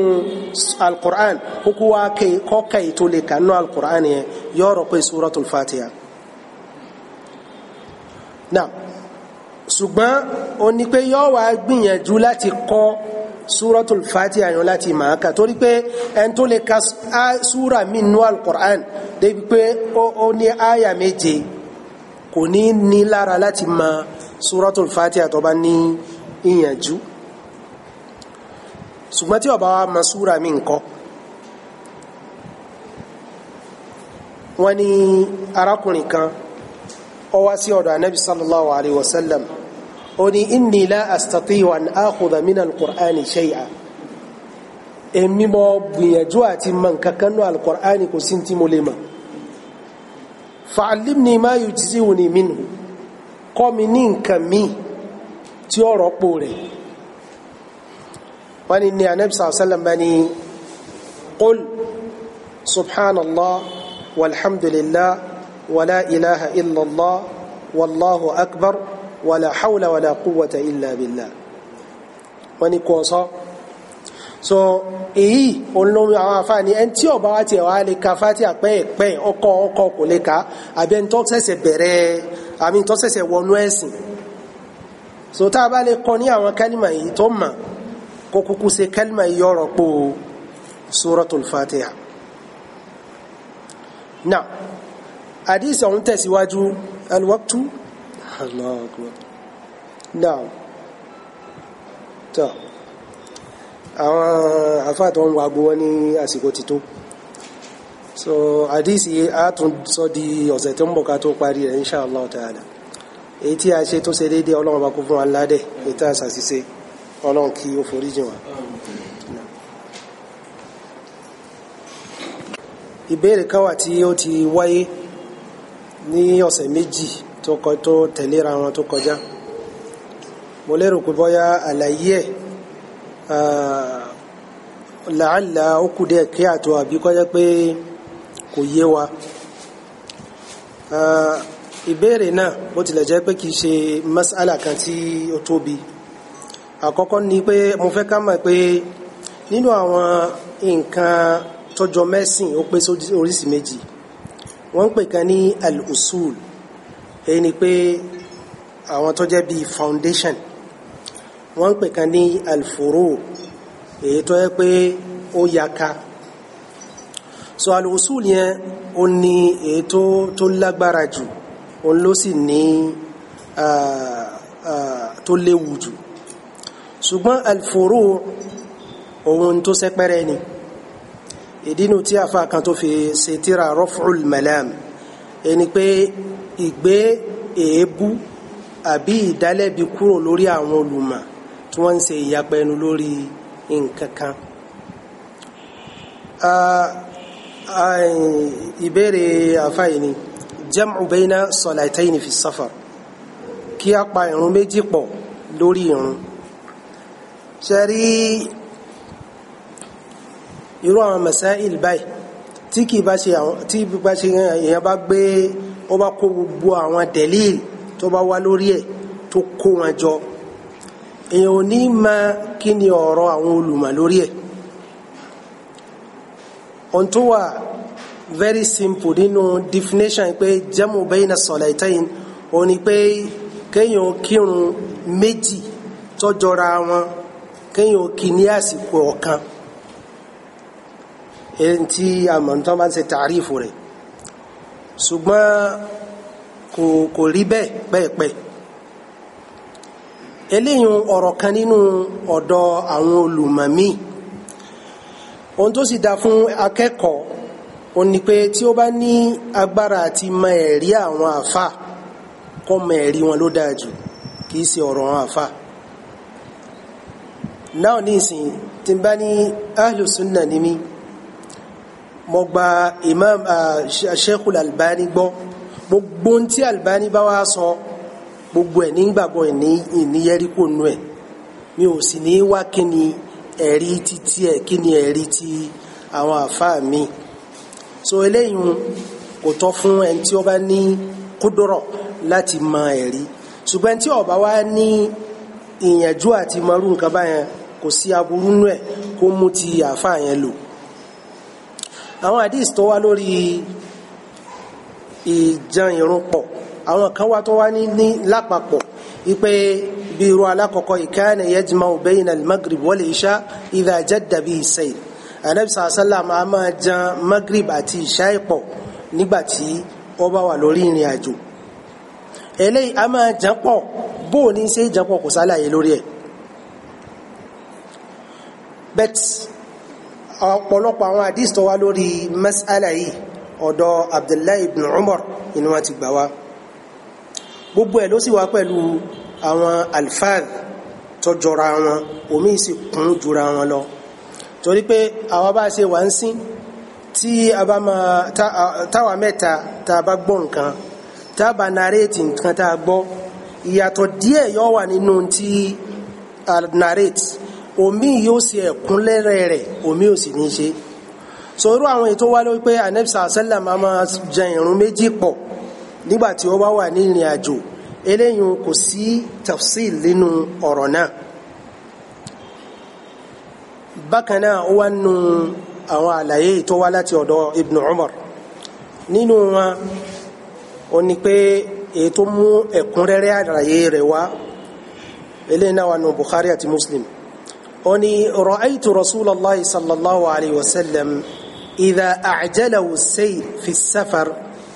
al-Qur'an kókó wa kọ̀ọ̀kan ètò lè ka nú al-Qur'an yẹn yọ̀ọ̀rọ̀ suratul fatiha náà ṣùgbọ́n ó ní pé yọ́ wá gbìyànjú láti kọ́ súratul fatiha yan láti máa kà torí pé ẹni tó lè ka súra míì nú alukur'an débi pé ó ní àyà méje kò ní ní lára láti mọ súratul fatiha tó bá ní ìyànjú ṣùgbọ́n tí ó wa mọ súra míì ńkọ́ wọ́n ní arákùnrin kan ó wá sí ọ̀dọ̀ anabi sallallahu alayhi wa sallam ó ní inni la astati'u an akhudha min al-qur'ani shay'a èmi mo gbìyànjú àti mọ nǹkan kan nínú al-qur'ani kò sí tí mo lè mọ̀ fa'allimni ma yujzi'uni minhu kọ́ mi ní nǹkan míì tí ó rọ́pò rẹ̀ wọ́n ni ní sallallahu bá ní qul subhanallah walhamdulillah. ولا إله إلا الله والله أكبر ولا حول ولا قوة إلا بالله ونكوصا so èyí olómi àwọn afáàní ẹni tí ọba wa tiẹ̀ wá lè ka fatiha pẹ́ẹ́pẹ́ ọkọ ọkọ kò lè ka àbí ẹni tó ṣẹ̀ṣẹ̀ bẹ̀rẹ̀ àmì tó ṣẹ̀ṣẹ̀ wọnú ẹ̀sìn so tá a bá lè kọ ní àwọn kálímà yìí tó mà kó kúkú ṣe kálímà yìí yọrọ pò suratul fatiha náà àdísì ọ̀hún tẹ̀síwájú alwaktu Allahu Akbar náà tọ́ àwọn àfáàtọ̀ ń wàgbó wọ́n ní àsìkò ti tó so àdísì àtúnsọ́ di ọ̀sẹ̀ tó ń bọ̀ ká tó parí rẹ̀ insha Allah ta'ala èyí tí a ṣe tó ṣe déédéé ọlọ́run bá kó fún wa ládẹ̀ èyí tá a ṣàṣìṣe ọlọ́run kí ó forí jìn wá. ìbéèrè kan wà tí ó ti wáyé ní ọ̀sẹ̀ méjì tó tẹ̀léra wọn tó kọjá mo lérò pé bọ́yá àlàyé ẹ̀ làálà ó kù díẹ̀ kí àtò àbí kọjá pé kò yé wa ìbéèrè náà bó tilẹ̀ jẹ́ pé kìí ṣe mas'ala kan tí ó tóbi àkọ́kọ́ ni pé mo fẹ́ ká mọ̀ pé nínú àwọn nǹkan tọ́jọ mẹ́sìn ó pé oríṣi méjì wọ́n ń pè kan ní al-usul èyí pé àwọn tó jẹ́ bíi foundation wọ́n ń pè kan ní al-furu èyí tó yẹ pé ó yaka so al-usul yẹn ó ní èyí tó tó lágbára jù òun ló sì ní tó léwu jù ṣùgbọ́n al-furu ohun tó sẹ́pẹ́rẹ́ ni. Uh, ìdínú tí afa kan tó fi ṣe tíra rọ́fùl malam ẹni pé ìgbé èébú àbí ìdálẹ́bi kúrò lórí àwọn olùmọ̀ tí wọ́n ń ṣe ìyapa ẹnu lórí nǹkan kan. ìbéèrè afa yìí ni jam'u bayna salataini fi safar kí a pa ìrun méjì pọ̀ lórí ìrun ṣe irú àwọn masail báyìí tí kì í bá ṣe àwọn tí kì í bá ṣe èèyàn bá gbé ó bá kó gbogbo àwọn dẹ̀líl tó bá wá lórí ẹ̀ tó kó wọn jọ èèyàn ò ní máa kí ni ọ̀rọ̀ àwọn olùmọ̀ lórí ẹ̀ ohun tó wà very simple nínú definition pé jamu bayna salatayn òun ni pé kéèyàn kírun méjì tó jọra wọn kéèyàn kì ní àsìkò ọ̀kan èyí tí a mọ̀ tán bá ń ṣe tààrífù rẹ̀ ṣùgbọ́n kò kò rí bẹ́ẹ̀ pẹ́ẹ̀pẹ́ eléyìí ọ̀rọ̀ kan nínú ọ̀dọ̀ àwọn olùmọ̀mí ohun tó sì dá fún akẹ́kọ̀ọ́ ó ní pé tí ó bá ní agbára àti mọ ẹ̀rí àwọn àfà kó mọ ẹ̀rí wọn ló dáa jù kì í ṣe ọ̀rọ̀ àwọn àfà náà ní ìsìn tí n bá ní ahlùsùn ní mi mo gba imam ah, sheikhul albani gbọ́ gbogbo tí albani ba, wá sọ gbogbo ẹ̀ nígbàgbọ́ ìníyẹ́ríkò nù ẹ̀ mi ò sì ní wá kí ni kini títí ẹ̀ kí ni ẹ̀rí ti àwọn àfáà mi so eléyìí kò tọ́ fún ẹni tí ó bá ni kúdọ̀rọ̀ láti mọ ẹ̀rí ṣùgbọ́n tí ó bá wá ní ìyànjú àti mọ̀rú nǹkan báyẹn kò sí aburú nù ẹ̀ kó mú ti àfáà yẹn lò àwọn hadith tó wá lórí ìjan ìrun pọ̀ àwọn kan wá tó wá ní ní lápapọ̀ ipe bí irú alákọ̀ọ́kọ́ ìkáyànà yajma'u bayna al-maghrib wal isha idha jadda bihi sayl anabi sallam a máa jan maghrib àti isha pọ̀ nígbàtí ó bá wà lórí ìrìn àjò eléyìí a máa jan pọ̀ bóò ní ṣe jan pọ̀ kò sálàyé lórí ẹ̀ bẹ́ẹ̀ ọ̀pọ̀lọpọ̀ àwọn àdìs tó wá lórí mas'ala yìí ọ̀dọ̀ abdullahi ibn umar inú wọn ti gbà wá gbogbo ẹ̀ ló sì wá pẹ̀lú àwọn alfaz tó jọra wọn omi sì kún jura wọn lọ torí pé àwa bá ṣe wà ń sín tí a bá máa táwa mẹ́ta tá a bá gbọ́ nǹkan tá a bá naréètì nǹkan tá a gbọ́ ìyàtọ̀ díẹ̀ yóò wà nínú tí a omi yóò ṣe ẹ̀kúnlẹ́rẹ́ rẹ̀ omi ò sì ní ṣe sọ̀rọ̀ àwọn ètò wá ló pé anabisa asẹ́lẹ̀m a máa jẹ ìrun méjì pọ̀ nígbà tí ó bá wà ní ìrìn àjò eléyìí kò sí tafsil nínú ọ̀rọ̀ náà bákan náà ó wá nù àwọn àlàyé tó wá láti ọ̀dọ̀ Ibn Umar nínú wọn ó ní pé èyí tó mú ẹ̀kúnrẹ́rẹ́ àlàyé rẹ̀ wá eléyìí náà wà nù Bukhari àti Muslim. أني رأيت رسول الله صلى الله عليه وسلم إذا أعجله السير في السفر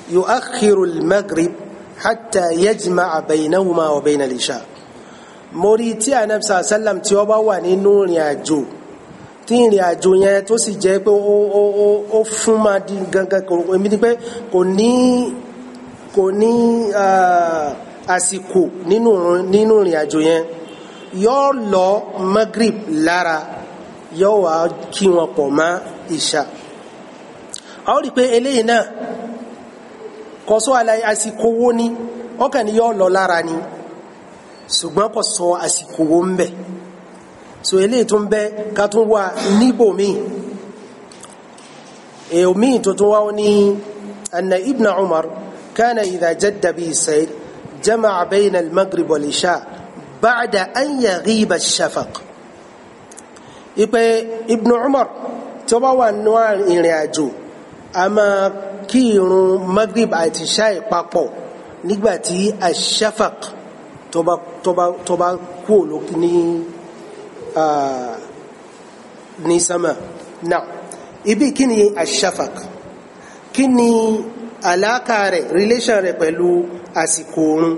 يؤخر المغرب حتى يجمع بينهما وبين العشاء moriti anabi sa sallam tí ó bá wà nínú ìrìn àjò tí ìrìn àjò yẹn tó sì jẹ́ pé ó ó ó ó fún ma di gangan kò èmi ni pé kò ní kò ní ah, àsìkò nínú nínú ìrìn yóò lọ magrib lára yóò wá kí wọn pọ̀ mọ́ ìṣà a ó rí pé eléyìí náà kò sọ àlàyé àsìkò wo ni ọkàn ni yóò lọ lára ni ṣùgbọ́n kò sọ àsìkò wo ń bẹ so eléyìí tó ń bẹ ká tún wà níbòmíì èèmíì tó tún wá ó ní ibn umar kana idha jadda bi jama'a bayna al-maghrib wal-isha' ba'da an yaghiba shafaq ipe ibn umar tó bá wà nínú ìrìn àjò a máa kí irun maghrib àti ṣáì papọ̀ nígbàtí ashafaq tó bá tó bá tó bá kú ní ní sama náà ibi kí ni ashafaq kí ni àlàkà rẹ̀ rẹ̀ pẹ̀lú àsìkò oorun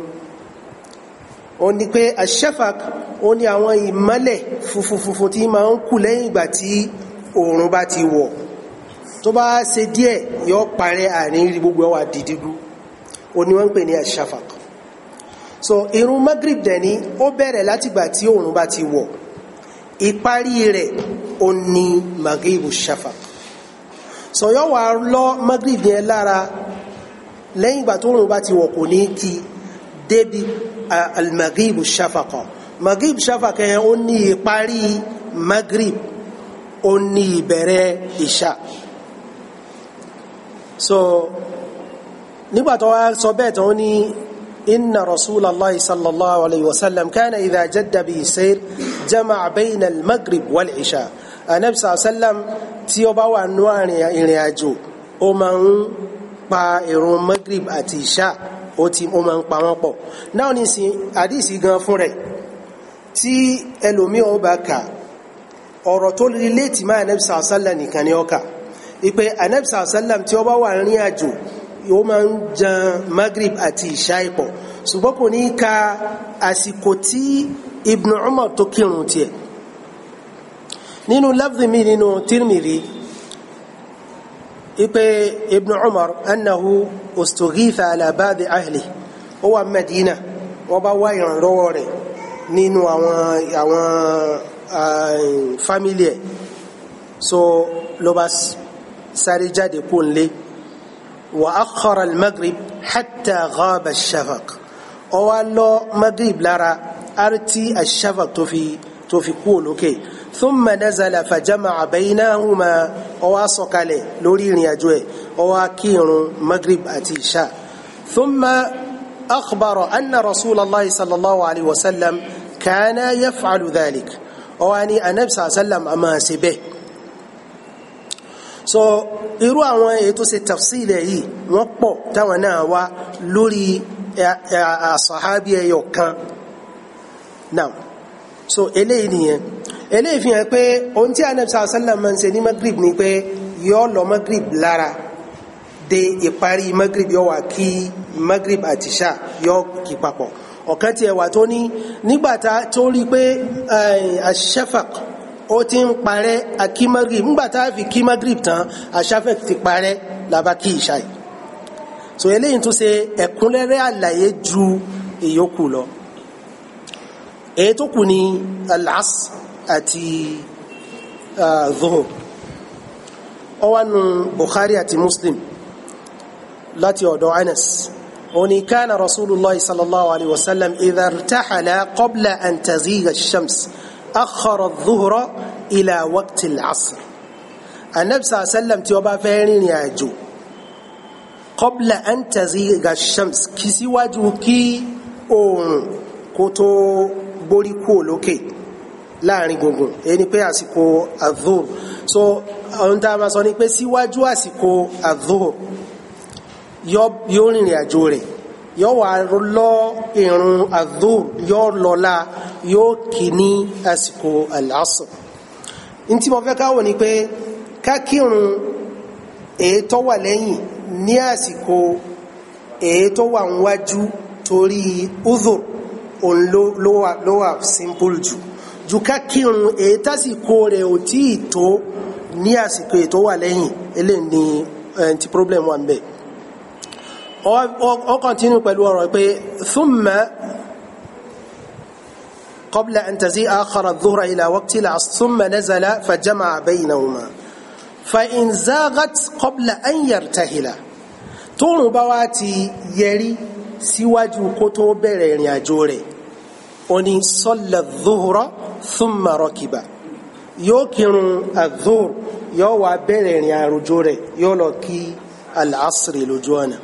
ó ní pé ashafak ó ní àwọn ìmọ́lẹ̀ funfunfunfun tí máa ń kù lẹ́yìn ìgbà tí oòrùn bá ti wọ̀ tó bá ṣe díẹ̀ yọ parẹ́ àárín rí gbogbo ọwà dídúdú ó ní wọ́n ń pè ní so irun magrib dẹ̀ni ó bẹ̀rẹ̀ láti ìgbà tí oòrùn bá ti wọ̀ ìparí rẹ̀ ó ní magrib ashafak so yọ wa lo magrib yẹn lara lẹ́yìn ìgbà tó oòrùn bá ti wọ̀ kò ní kí débi almaghrib shafaqa maghrib shafaqa yẹn ó ní ìparí maghrib ó ní ìbẹ̀rẹ̀ ìṣà so nígbà tó wá sọ bẹ́ẹ̀ tó ní inna rasulallah sallallahu alayhi wa sallam kana idha jadda bi sayr jama'a bayna almaghrib wal isha anabi sallam tí ó bá wà nú ìrìn àjò ó máa ń pa ìrun maghrib àti ìṣà ó ti ó máa ń pa wọ́n pọ̀ náà nísìn àdìsí gan fún rẹ̀ tí ẹlòmíì ó bá kà ọ̀rọ̀ tó relate máa anabi sàásálà nìkan ni ó kà ipe anabi sàásálà tí ó bá wà ní àjò ó máa ń jan magrib àti ìṣá ipọ̀ ṣùgbọ́n kò ní ka àsìkò tí ibn umar tó kírun tiẹ̀ nínú lafzi mi nínú tirmidhi ipe ibn umar annahu ustughitha ala ba'd ahli ó wà medina wọ́n bá wá ìrànlọ́wọ́ rẹ̀ nínú àwọn àwọn family ẹ̀ so ló bá sáré jáde kó nlé wa akhara al-maghrib hatta ghaba ash-shafaq ó wá lọ maghrib lára arti ash-shafaq tó fi tó fi kú lókè thumma nazala fajama'a baynahuma. ó wá sọ̀kalẹ̀ lórí ìrìn àjò ẹ̀ ó wá kí irun magrib àti isha thumma akhbara anna rasulallah sallallahu alayhi wa sallam kana yaf'alu dhalik ó wá anabi sallam a máa ṣe bẹ́ẹ̀ so irú àwọn ètò ṣe tafsílẹ̀ yìí wọ́n pọ̀ táwọn náà wá lórí àṣàhábí ẹyọ kan náà so eléyìí nìyẹn eléyìí fi hàn pé ohun tí anabi sàlá sàlám máa ń ṣe ní magrib ni pé yọ lọ magrib lára de ìparí magrib yọ wà kí magrib àti ṣá yọ kí papọ̀ ọ̀kan tiẹ̀ wà tó ní nígbàtá tó rí pé eh, ashafaq ó ti ń parẹ́ akí magrib nígbàtá fi kí magrib tán ashafaq ti parẹ́ làbá kí ìṣá yìí so eléyìí tún ṣe ẹ̀kúnrẹ́rẹ́ àlàyé ju ìyókù lọ èyí tó kù ní al àti dhuhr uh, ọwánu Bukhari àti Muslim láti ọ̀dọ̀ Anas oni kana rasulullah sallallahu alaihi wasallam idha irtahala qabla an taziga shams akhara dhuhra ila waqti al-asr anabi sallam tí ó bá fẹ́ rìnrìn àjò qabla an taziga shams kí síwájú kí oòrùn kó tó borí kúò lókè. Okay láàrin gungun èyí ni pé àsìkò adhur so ohun tá a máa sọ ni pé síwájú àsìkò adhur yóò rìnrìn àjò rẹ̀ yóò wá lọ ìrun adhur yóò lọ́la yóò kì ní àsìkò al n tí mo fẹ́ káwọ̀ ni pé kákírun èyí tó wà lẹ́yìn ní àsìkò èyí tó wà níwájú torí udhur òun ló wà simple jù. ju ká kírun èyí tásìkò rẹ̀ ò tí ì tó ní àsìkò ètò wà lẹ́yìn eléyìí ni ti problem wà ń bẹ ó continue pẹ̀lú ọ̀rọ̀ pé thumma قبل أن تزيء آخر الظهر إلى وقت العصر ثم نزل فجمع بينهما فإن زاغت قبل أن يرتهل tóun bá wá ti yẹrí síwájú kó tó bẹ̀rẹ̀ ìrìn àjò rẹ̀ ó ní salla dhuhra thumma rakiba yóò kírun adhuhr yóò wá bẹ̀rẹ̀ ìrìn àrùjọ rẹ̀ yóò lọ kí al-asri lójú ọ̀nà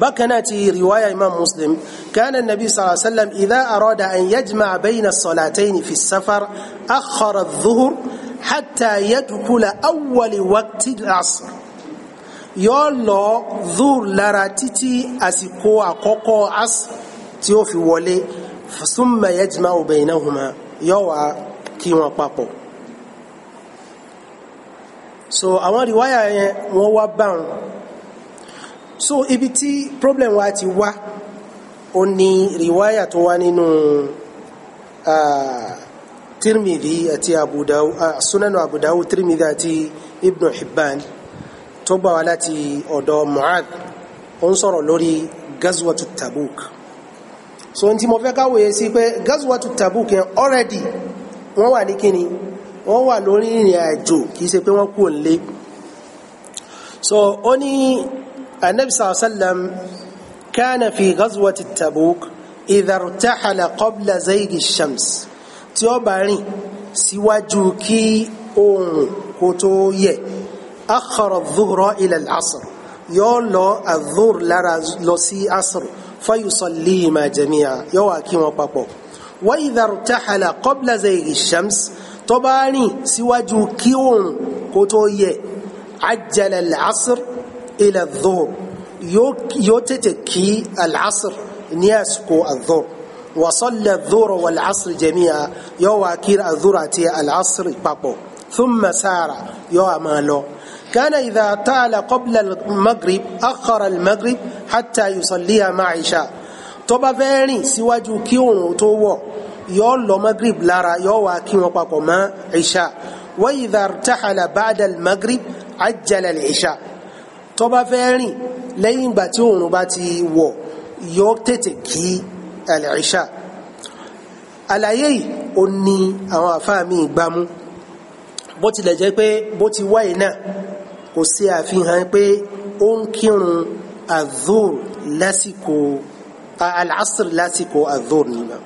بكناتي رواية إمام مسلم كان النبي صلى الله عليه وسلم إذا أراد أن يجمع بين الصلاتين في السفر أخر الظهر حتى يدخل أول وقت العصر يولو ظهر لراتيتي أسيكو أكوكو عصر tí ó fi wọlé summa yajma'u baynahuma yọ kí wọn papọ̀ so àwọn rìwáyà yẹn wọ́n wá báwọn so ibi tí problem wa ti wá ó ní rìwáyà tó wá nínú Tirmidhi àti Abu Dawud sunanu Abu Dawud Tirmidhi àti Ibn Hibban tó gbà wá láti ọ̀dọ̀ Mu'adh ó ń sọ̀rọ̀ lórí gazwatu Tabuk so n tí mo fẹ́ káwòye sí pé gazwatu Tabuk already wọ́n wà ní kíni wọ́n wà lórí ìrìn àjò kìí ṣe pé wọ́n kú òǹlé so ó ní anabi sallam kana fi gazwati Tabuk idha irtahala qabla zaygi shams tí ó bá rìn síwájú kí oòrùn kó tó yẹ akhara adh-dhuhra ila al-'asr yóò lọ adh-dhuhr lọ sí asr. فيصليهما جميعا يواكيما بابو وإذا ارتحل قبل زيغ الشمس طباني سواجو كيون كوتوي عجل العصر إلى الظهر يوتتكي العصر نياسكو الظهر وصلى الظهر والعصر جميعا يواكير الظهر العصر بابو ثم سار يوامالو كان إذا تعالى قبل المغرب أخر المغرب حتى يصليها مع عشاء tó bá fẹ́ rìn síwájú kí oòrùn tó wọ̀ yóò lọ magrib lára yóò wá kí wọn papọ̀ mọ́ ìṣá wa idha irtahala ba'da magrib ajjala ìṣá tó bá fẹ́ rìn lẹ́yìn ìgbà tí oòrùn bá ti wọ̀ yóò tètè kí ìṣá àlàyé yìí ó ní àwọn àfáàmì ìgbámú bó tilẹ̀ jẹ́ pé bó ti wáyé náà kò sí àfihàn pé ó ń kírun adhur lásìkò al-asr lásìkò adhur nìyẹn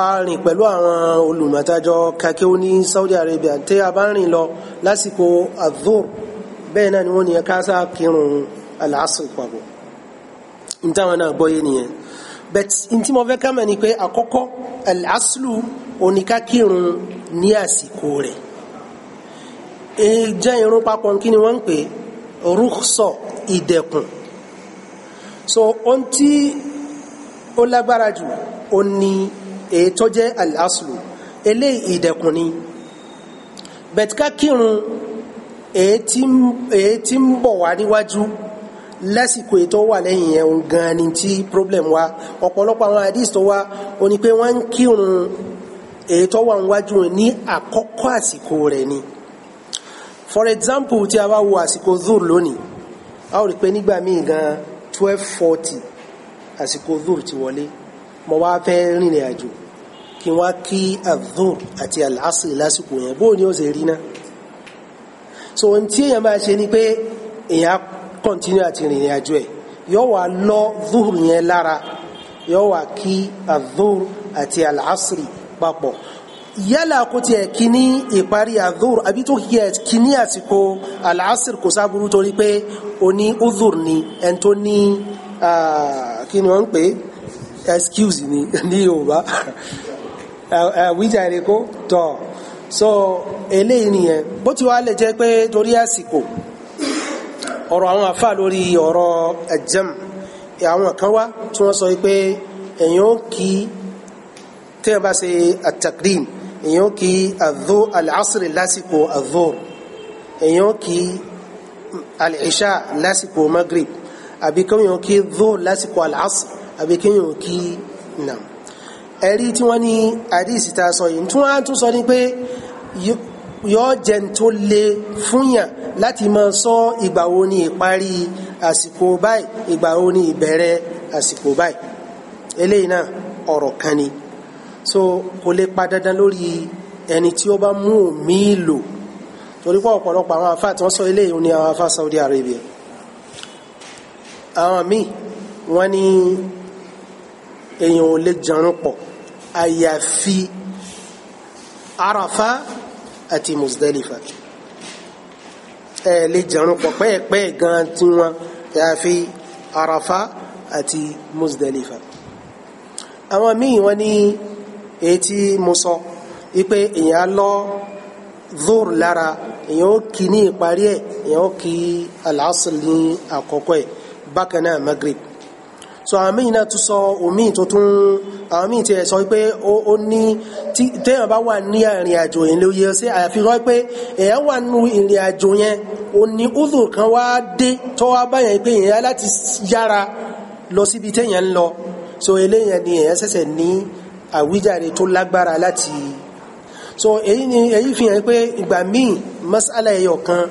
a rìn pẹ̀lú àwọn olùmọ̀tájọ́ kakẹ́ ó ní Saudi Arabia tí a bá rìn lọ lásìkò adhur bẹ́ẹ̀ náà ni wọ́n ní ká sá kírun al-asr papọ̀ náà gbọ́yé nìyẹn but ntí mo fẹ́ ká mọ̀ pé àkọ́kọ́ al-aslu ní àsìkò rẹ̀ jẹ́ irun papọ̀ kí ni wọ́n ń pè rúksọ ìdẹ̀kùn so ohun tí ó lágbára jù ó ní èyí jẹ́ al-aslu ìdẹ̀kùn ni bẹ̀tíká kírun èyí tí ń bọ̀ wá níwájú lásìkò ètò wà lẹ́yìn ẹ̀hún gan ni tí problem wa ọ̀pọ̀lọpọ̀ àwọn hadith tó wá o ní pé wọ́n ń kírun èyí wà níwájú ní àkọ́kọ́ àsìkò rẹ̀ ni. Wa, for example tí a bá wo àsìkò dhur lónìí a ó rí pé nígbà míì gan twelve forty àsìkò dhur ti wọlé mo wá fẹ́ rìnrìn àjò kí wá kí adhur àti alasr lásìkò yẹn bóun ni ó ṣe rí náà so ohun tí èèyàn máa ṣe ni pé èèyàn continue àti rìnrìn àjò ẹ̀ yóò wá lọ dhur yẹn lára yóò wá kí adhur àti alasr papọ̀ yálà kó tiẹ̀ kí ní ìparí àdúr àbí tó yẹ kí ní àsìkò àlàásìr kò sáburú torí pé oní udhur ni ẹni tó ní kí ni wọ́n pè excuse ni ní yorùbá wíjà ìrẹ́kọ́ tọ̀ so eléyìí nìyẹn bó ti wá lè jẹ́ pé torí àsìkò ọ̀rọ̀ àwọn àfà lórí ọ̀rọ̀ ẹ̀jẹ̀m àwọn kan wá tí wọ́n sọ pé èèyàn kì í tẹ́ bá ṣe àtàkìrìm èyàn kí àdó àlásìrì lásìkò àdó èyàn kí àlìṣà lásìkò magrib àbí kéèyàn kí dó lásìkò àlásì àbí kéèyàn kí nà ẹ̀rí tí wọ́n ní àdìsí ta sọ yìí tí wọ́n á tún sọ ni pé yọ jẹ́ tó le fúnyà láti máa sọ ìgbà wo ni ìparí àsìkò báyìí ìgbà wo ni ìbẹ̀rẹ̀ àsìkò báyìí eléyìí náà ọ̀rọ̀ kan ni so kò lè pa dandan lórí ẹni tí ó bá mú omi lò torí pé ọ̀pọ̀lọpọ̀ àwọn afá tí wọ́n sọ eléyìí ní àwọn afá Saudi Arabia àwọn míì wọ́n ní èèyàn ò lè jẹun pọ̀ àyàfi Arafa àti Muzdalifa ẹ lè jẹun pọ̀ pẹ́ẹ̀pẹ́ gan tí wọ́n àyàfi Arafa àti Muzdalifa àwọn míì wọ́n ní èyí tí mo sọ wípé èèyàn lọ dúr lára èèyàn ó kí ní ìparí ẹ̀ èèyàn ó kí aláàsìl ní àkọ́kọ́ bákan náà magrib so àwọn míì náà tún sọ omi tó tún àwọn míì tiẹ̀ sọ pé ó ní téèyàn bá wà ní ìrìn àjò yẹn ló yẹ ṣe àfihàn pé èèyàn wà nínú ìrìn àjò yẹn ó ní údù kan wá dé tó wá báyẹn pé èèyàn láti yára lọ síbi téèyàn ń lọ so eléyẹn ni èèyàn ṣẹ̀ṣẹ̀ ní àwíjàre tó lágbára láti so èyí ni èyí fi hàn pé ìgbà míì masala ẹyọ kan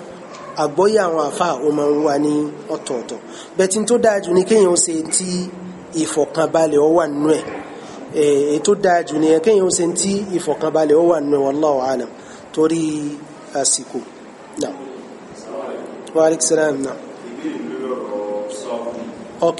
àgbọ́yé àwọn àfa ó máa ń wà ní ọ̀tọ̀ọ̀tọ̀ bẹ́ẹ̀ tí tó dáa jù ni kéèyàn ṣe ti ìfọ̀kànbalẹ̀ ó wà nínú ẹ̀ èyí tó dáa jù ni kéèyàn ṣe ti ìfọ̀kànbalẹ̀ ó wà nínú ẹ̀ wallahu alam torí àsìkò náà wa alaikum náà ok.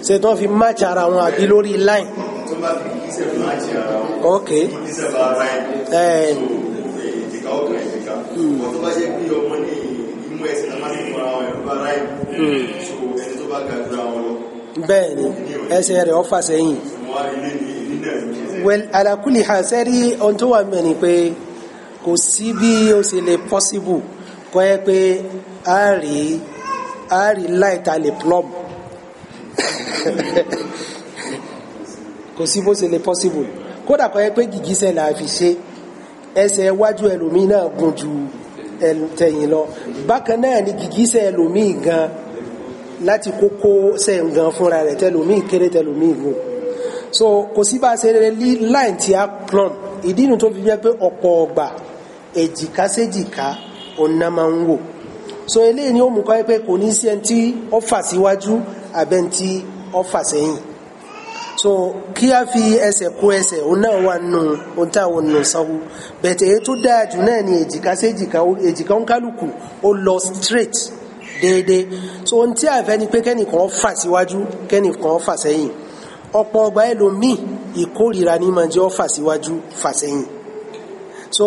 se tó fi match ara wọn àbí lórí line ok ẹ eh. hmm. bẹ́ẹ̀ni ẹsẹ̀ rẹ̀ ọfà sẹ́yìn well alakuli ha sẹ́rí ohun tó wà mẹ́ni pé kò sí bí ó ṣe lè possible kọ́ ẹ pé a rí a rí light a lè plumb kò sí bó ṣe lè possible kódà kọ́ yẹ pé gìgísẹ̀ là fi ṣe ẹsẹ̀ iwájú ẹlòmíì náà gùn ju tẹ̀yìn lọ bákan náà ni gìgísẹ̀ ẹlòmíì gan láti kókó sẹ̀ gan fúnra rẹ̀ tẹlòmíì kéré tẹlòmíì gùn so kò sí bá a ṣe rere line tí a plumb ìdí inú tó fi jẹ́ pé ọ̀pọ̀ ọgbà èjìká séjìká ọ̀nà máa ń wò so eléyìí ni ó mú kọ́ pé kò ní sí ẹni tí ó fà síwájú àbẹ́ ẹni tí ó fà sẹ́yìn so kí a fi ẹsẹ̀ kó ẹsẹ̀ òun náà wà nù ohun táwọn nù sanwó bẹ̀tẹ̀ èyí tó dáa jù náà ni èjìká sí èjìká èjìká ń kálukú ó lọ straight déédéé so ohun tí a fẹ́ ni pé kẹ́nìkan fà síwájú kẹ́nìkan fà sẹ́yìn ọ̀pọ̀ ọgbà ẹlòmíì ìkórìíra ní máa jẹ́ ó fà síwájú fà sẹ́yìn so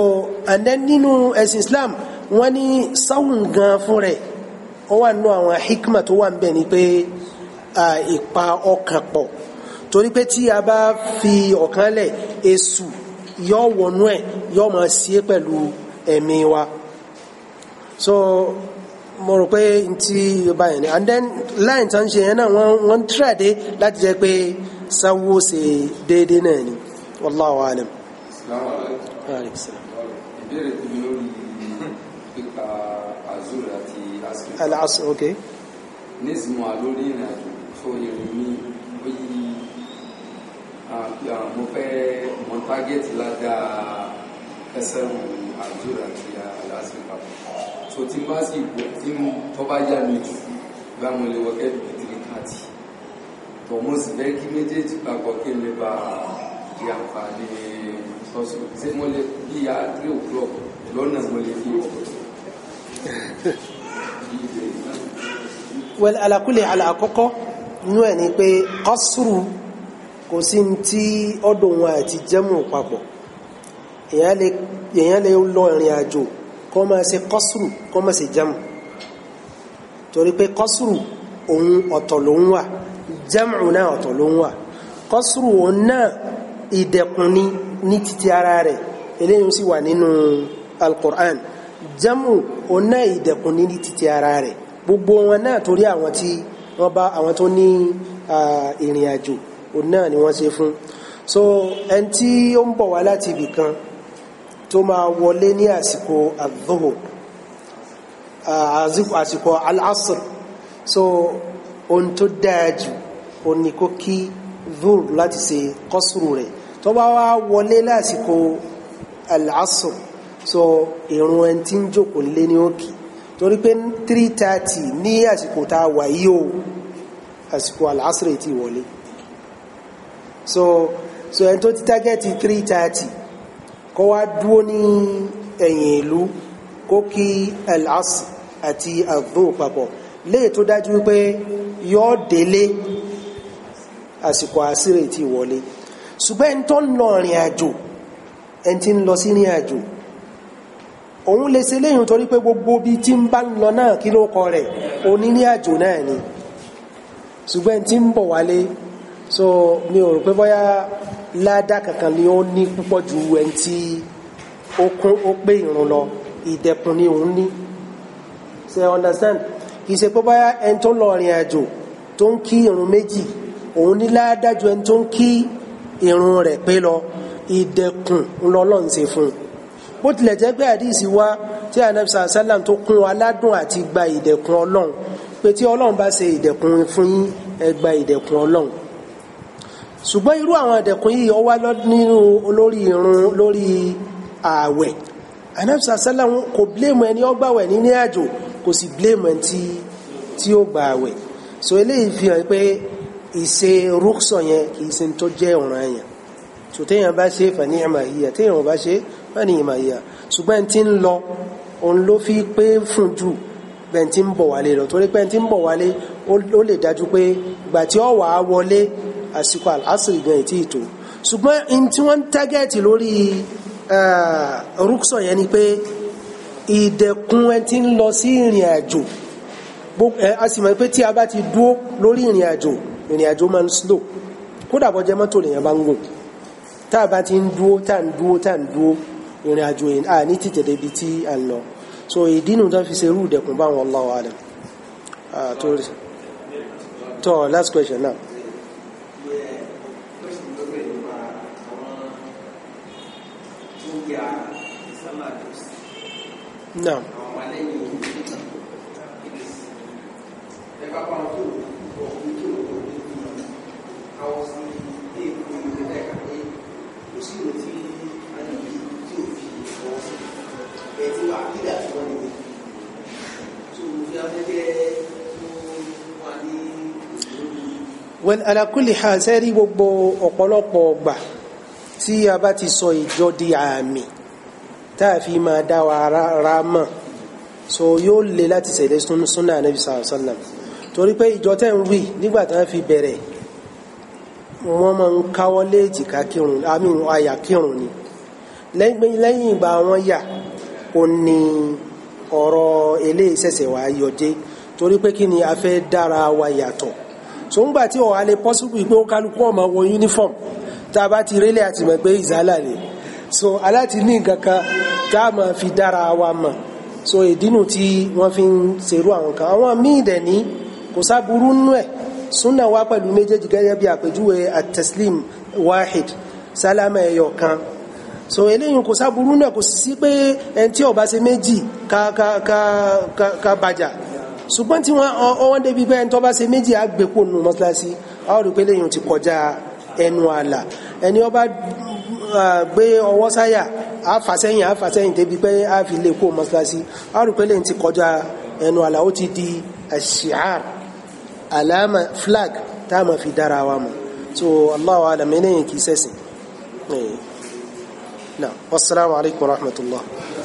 and then nínú ẹ̀sìn Islam wọ́n ní sáwùn gan fún rẹ̀ ó wà nínú àwọn hikma tó wà ń bẹ̀ ni pé ìpa ọkàn pọ̀ torí pé tí a bá fi ọkàn lẹ̀ èṣù yọ wọnú ẹ̀ yọ mọ̀ sí pẹ̀lú ẹ̀mí wa so mo rò pé n ti báyìí ni and then line，tó ń ṣe yẹn náà wọ́n wọ́n tíráde láti jẹ́ pé sáwó ṣe déédéé náà ni wallahu alam. ìbéèrè tèmi al ok okay. ní ìsinmi wà lórí ìrìn àjò fún ìrìn mi ó yí mo fẹ́ mọ tágẹ́tì ládàá ẹsẹ̀ àjò àti aláṣẹ papọ̀ so tí má sì bọ́ tí mo tọ́ bá yá mi jù bá mo lè wọ́kẹ́ bí three thirty tọ́ mo sì fẹ́ kí méjèèjì papọ̀ kí n lè di àǹfààní sọ́sọ́ tí mo lè bí i three o'clock lọ́nà mo lè fi ọ̀pọ̀. well alakule alakọ́kọ́ inú ẹ̀ ni pé kọ́sùrù kò sí tí ọdún wọn àti jẹ́mù papọ̀ èèyàn lè lọ ìrìn àjò kọ́ máa ṣe kọ́sùrù kọ́ máa ṣe jẹ́mù torí pé kọ́sùrù òun ọ̀tọ̀ ló ń wà jẹ́mù náà ọ̀tọ̀ ló ń wà kọ́sùrù òun ni ní ara rẹ̀ eléyìí sì wà nínú alukur'an jamu ọ̀nà ìdẹ̀kùn ní títí ara rẹ̀ gbogbo wọn náà torí àwọn tí wọ́n bá àwọn tó ní ìrìn àjò ọ̀nà ni wọ́n ṣe fún so ẹn tí ó ń bọ̀ wá láti ibì kan tó máa wọlé ní àsìkò àdóhò àsìkò al so ohun tó dáa jù òun ni kó kí dhur láti ṣe kọ́sùrù rẹ̀ tó bá wá wọlé lásìkò al-asr so ìrun ẹni tí ń jókòó lé ní òkè torí pé three thirty ní àsìkò tá a wà yìí o àsìkò àlàásìrè ti wọlé so so ẹni tó ti tágẹ́tì three thirty kó wá dúró ní ẹ̀yìn ìlú kó kí àlàásì àti àdúrà papọ̀ léè tó dájú wípé yóò délé àsìkò àsìrè ti wọlé ṣùgbọ́n ẹni tó ń lọ ìrìn àjò ẹni tí ń lọ sí ìrìn àjò òun lè ṣe léyìn torí pé gbogbo bí tí ń bá ń lọ náà kí ló kọ rẹ̀ oníní àjò náà ni ṣùgbọ́n tí ń bọ̀ wálé so mi ò rò pé bóyá ládá kankan ni ó ní púpọ̀ ju ẹni tí ó kún ó pé ìrun lọ ìdẹ̀kùn ni òun ní ṣe understand kì í ṣe pé bóyá ẹni tó lọ rìn àjò tó ń kí ìrun méjì òun ní ládá ju ẹni tó ń kí ìrun rẹ̀ pé lọ ìdẹ̀kùn ńlọ́lọ́ ń ṣe fún un bó tilẹ̀ jẹ́ pé àdìsí wa tí anabi sàlám tó kún aládùn àti gba ìdẹ̀kùn ọlọ́run pé tí ọlọ́run bá ṣe ìdẹ̀kùn fún yín ẹ gba ìdẹ̀kùn ọlọ́run ṣùgbọ́n irú àwọn ìdẹ̀kùn yìí ó wà nínú lórí irun lórí ààwẹ̀ anabi sàlám kò bílẹ̀mù ẹni ó gbàwẹ̀ nínú àjò kò sì bílẹ̀mù ẹni tí ó gbà àwẹ̀ so eléyìí fi hàn pé ìṣe rúkṣọ yẹn kì í ṣe tó jẹ́ ọ̀ràn yẹn tòtẹ́yìn bá ṣe fani àmàyíyà tẹ́yìn bá ṣe. So, fani ìmọ̀ ìyá ṣùgbọ́n tí ń lọ òun ló fi pé fún jù bẹ́ẹ̀ tí ń bọ̀ wálé lọ torí pé tí ń bọ̀ wálé ó lè dájú pé ìgbà tí ó wàá wọlé àsìkò àlásìrì gan ètí ìtò ṣùgbọ́n in tí wọ́n ń tágẹ́ẹ̀tì lórí eh, rúkṣọ̀ yẹn ni pé ìdẹ̀kùn ẹ ti ń lọ sí ìrìn àjò eh, a sì mọ̀ pé tí a bá ti dúó lórí ìrìn àjò ìrìn àjò máa ń slow kódà bọ́jẹ́ mọ́tò lèèyàn bá ń gùn tá a bá ti ń dúó tá ń dúó tá ń dúó ìrìn àjò yìí à ní títẹ̀dẹ̀ ibi tí a ń lọ so ìdínú tó fi ṣe rúùdẹ̀kùn bá wọn Allahu alam tó last question náà. No. wọn alákùlì ha sẹ́rí gbogbo ọ̀pọ̀lọpọ̀ ọgbà tí a bá ti sọ ìjọ di àmì tá a fi máa dá wa ara mọ̀ so yóò le láti ṣẹlẹ̀ súnà ànábì sàlám torí pé ìjọ tẹ́ ń wí nígbà tá a fi bẹ̀rẹ̀ wọ́n máa ń káwọ́ léèjì kírun àmì àyà kírun ni lẹ́yìn ìgbà wọn yà ó ní ọ̀rọ̀ eléyìí ṣẹ̀ṣẹ̀ wá yọjé torí pé kí ni a fẹ́ dára wa yàtọ̀ so ń gbà tí ọ̀hà lè possible pé ó ọmọ wọ uniform tá a bá ti rélé àti mọ̀ ìzálà ni so aláti ní nǹkan kan tá a máa fi dára wa mọ̀ so ìdínú tí wọ́n fi ń ṣerú àwọn kan àwọn míì dẹ̀ ní kò sáburú nú ẹ̀ súnà wá pẹ̀lú méjèèjì gẹ́gẹ́ bí àpèjúwe at wahid sálámà ẹ̀yọ̀ kan so eléyìn kò sáburú náà kò sí pé ẹni tí ó ṣe méjì ká ká ká ká bàjà ṣùgbọ́n tí wọ́n débi pé ẹni tó bá ṣe méjì àgbẹ̀kò nù mọ́sálásí a ó rí pé lẹ́yìn ti kọjá ẹnu àlà ẹni ó bá gbé ọwọ́ sáyà àfàsẹ́yìn àfàsẹ́yìn débi pé a fi lè e kó mọ́sálásí a ó rí pé lẹ́yìn ti kọjá ẹnu àlà ó ti di àṣìhàr àlàmà flag tá a máa fi dára wa mọ̀ so Allahu alam ẹlẹ́yìn kì í sẹ́sìn. wassalamu alaikum warahmatullah.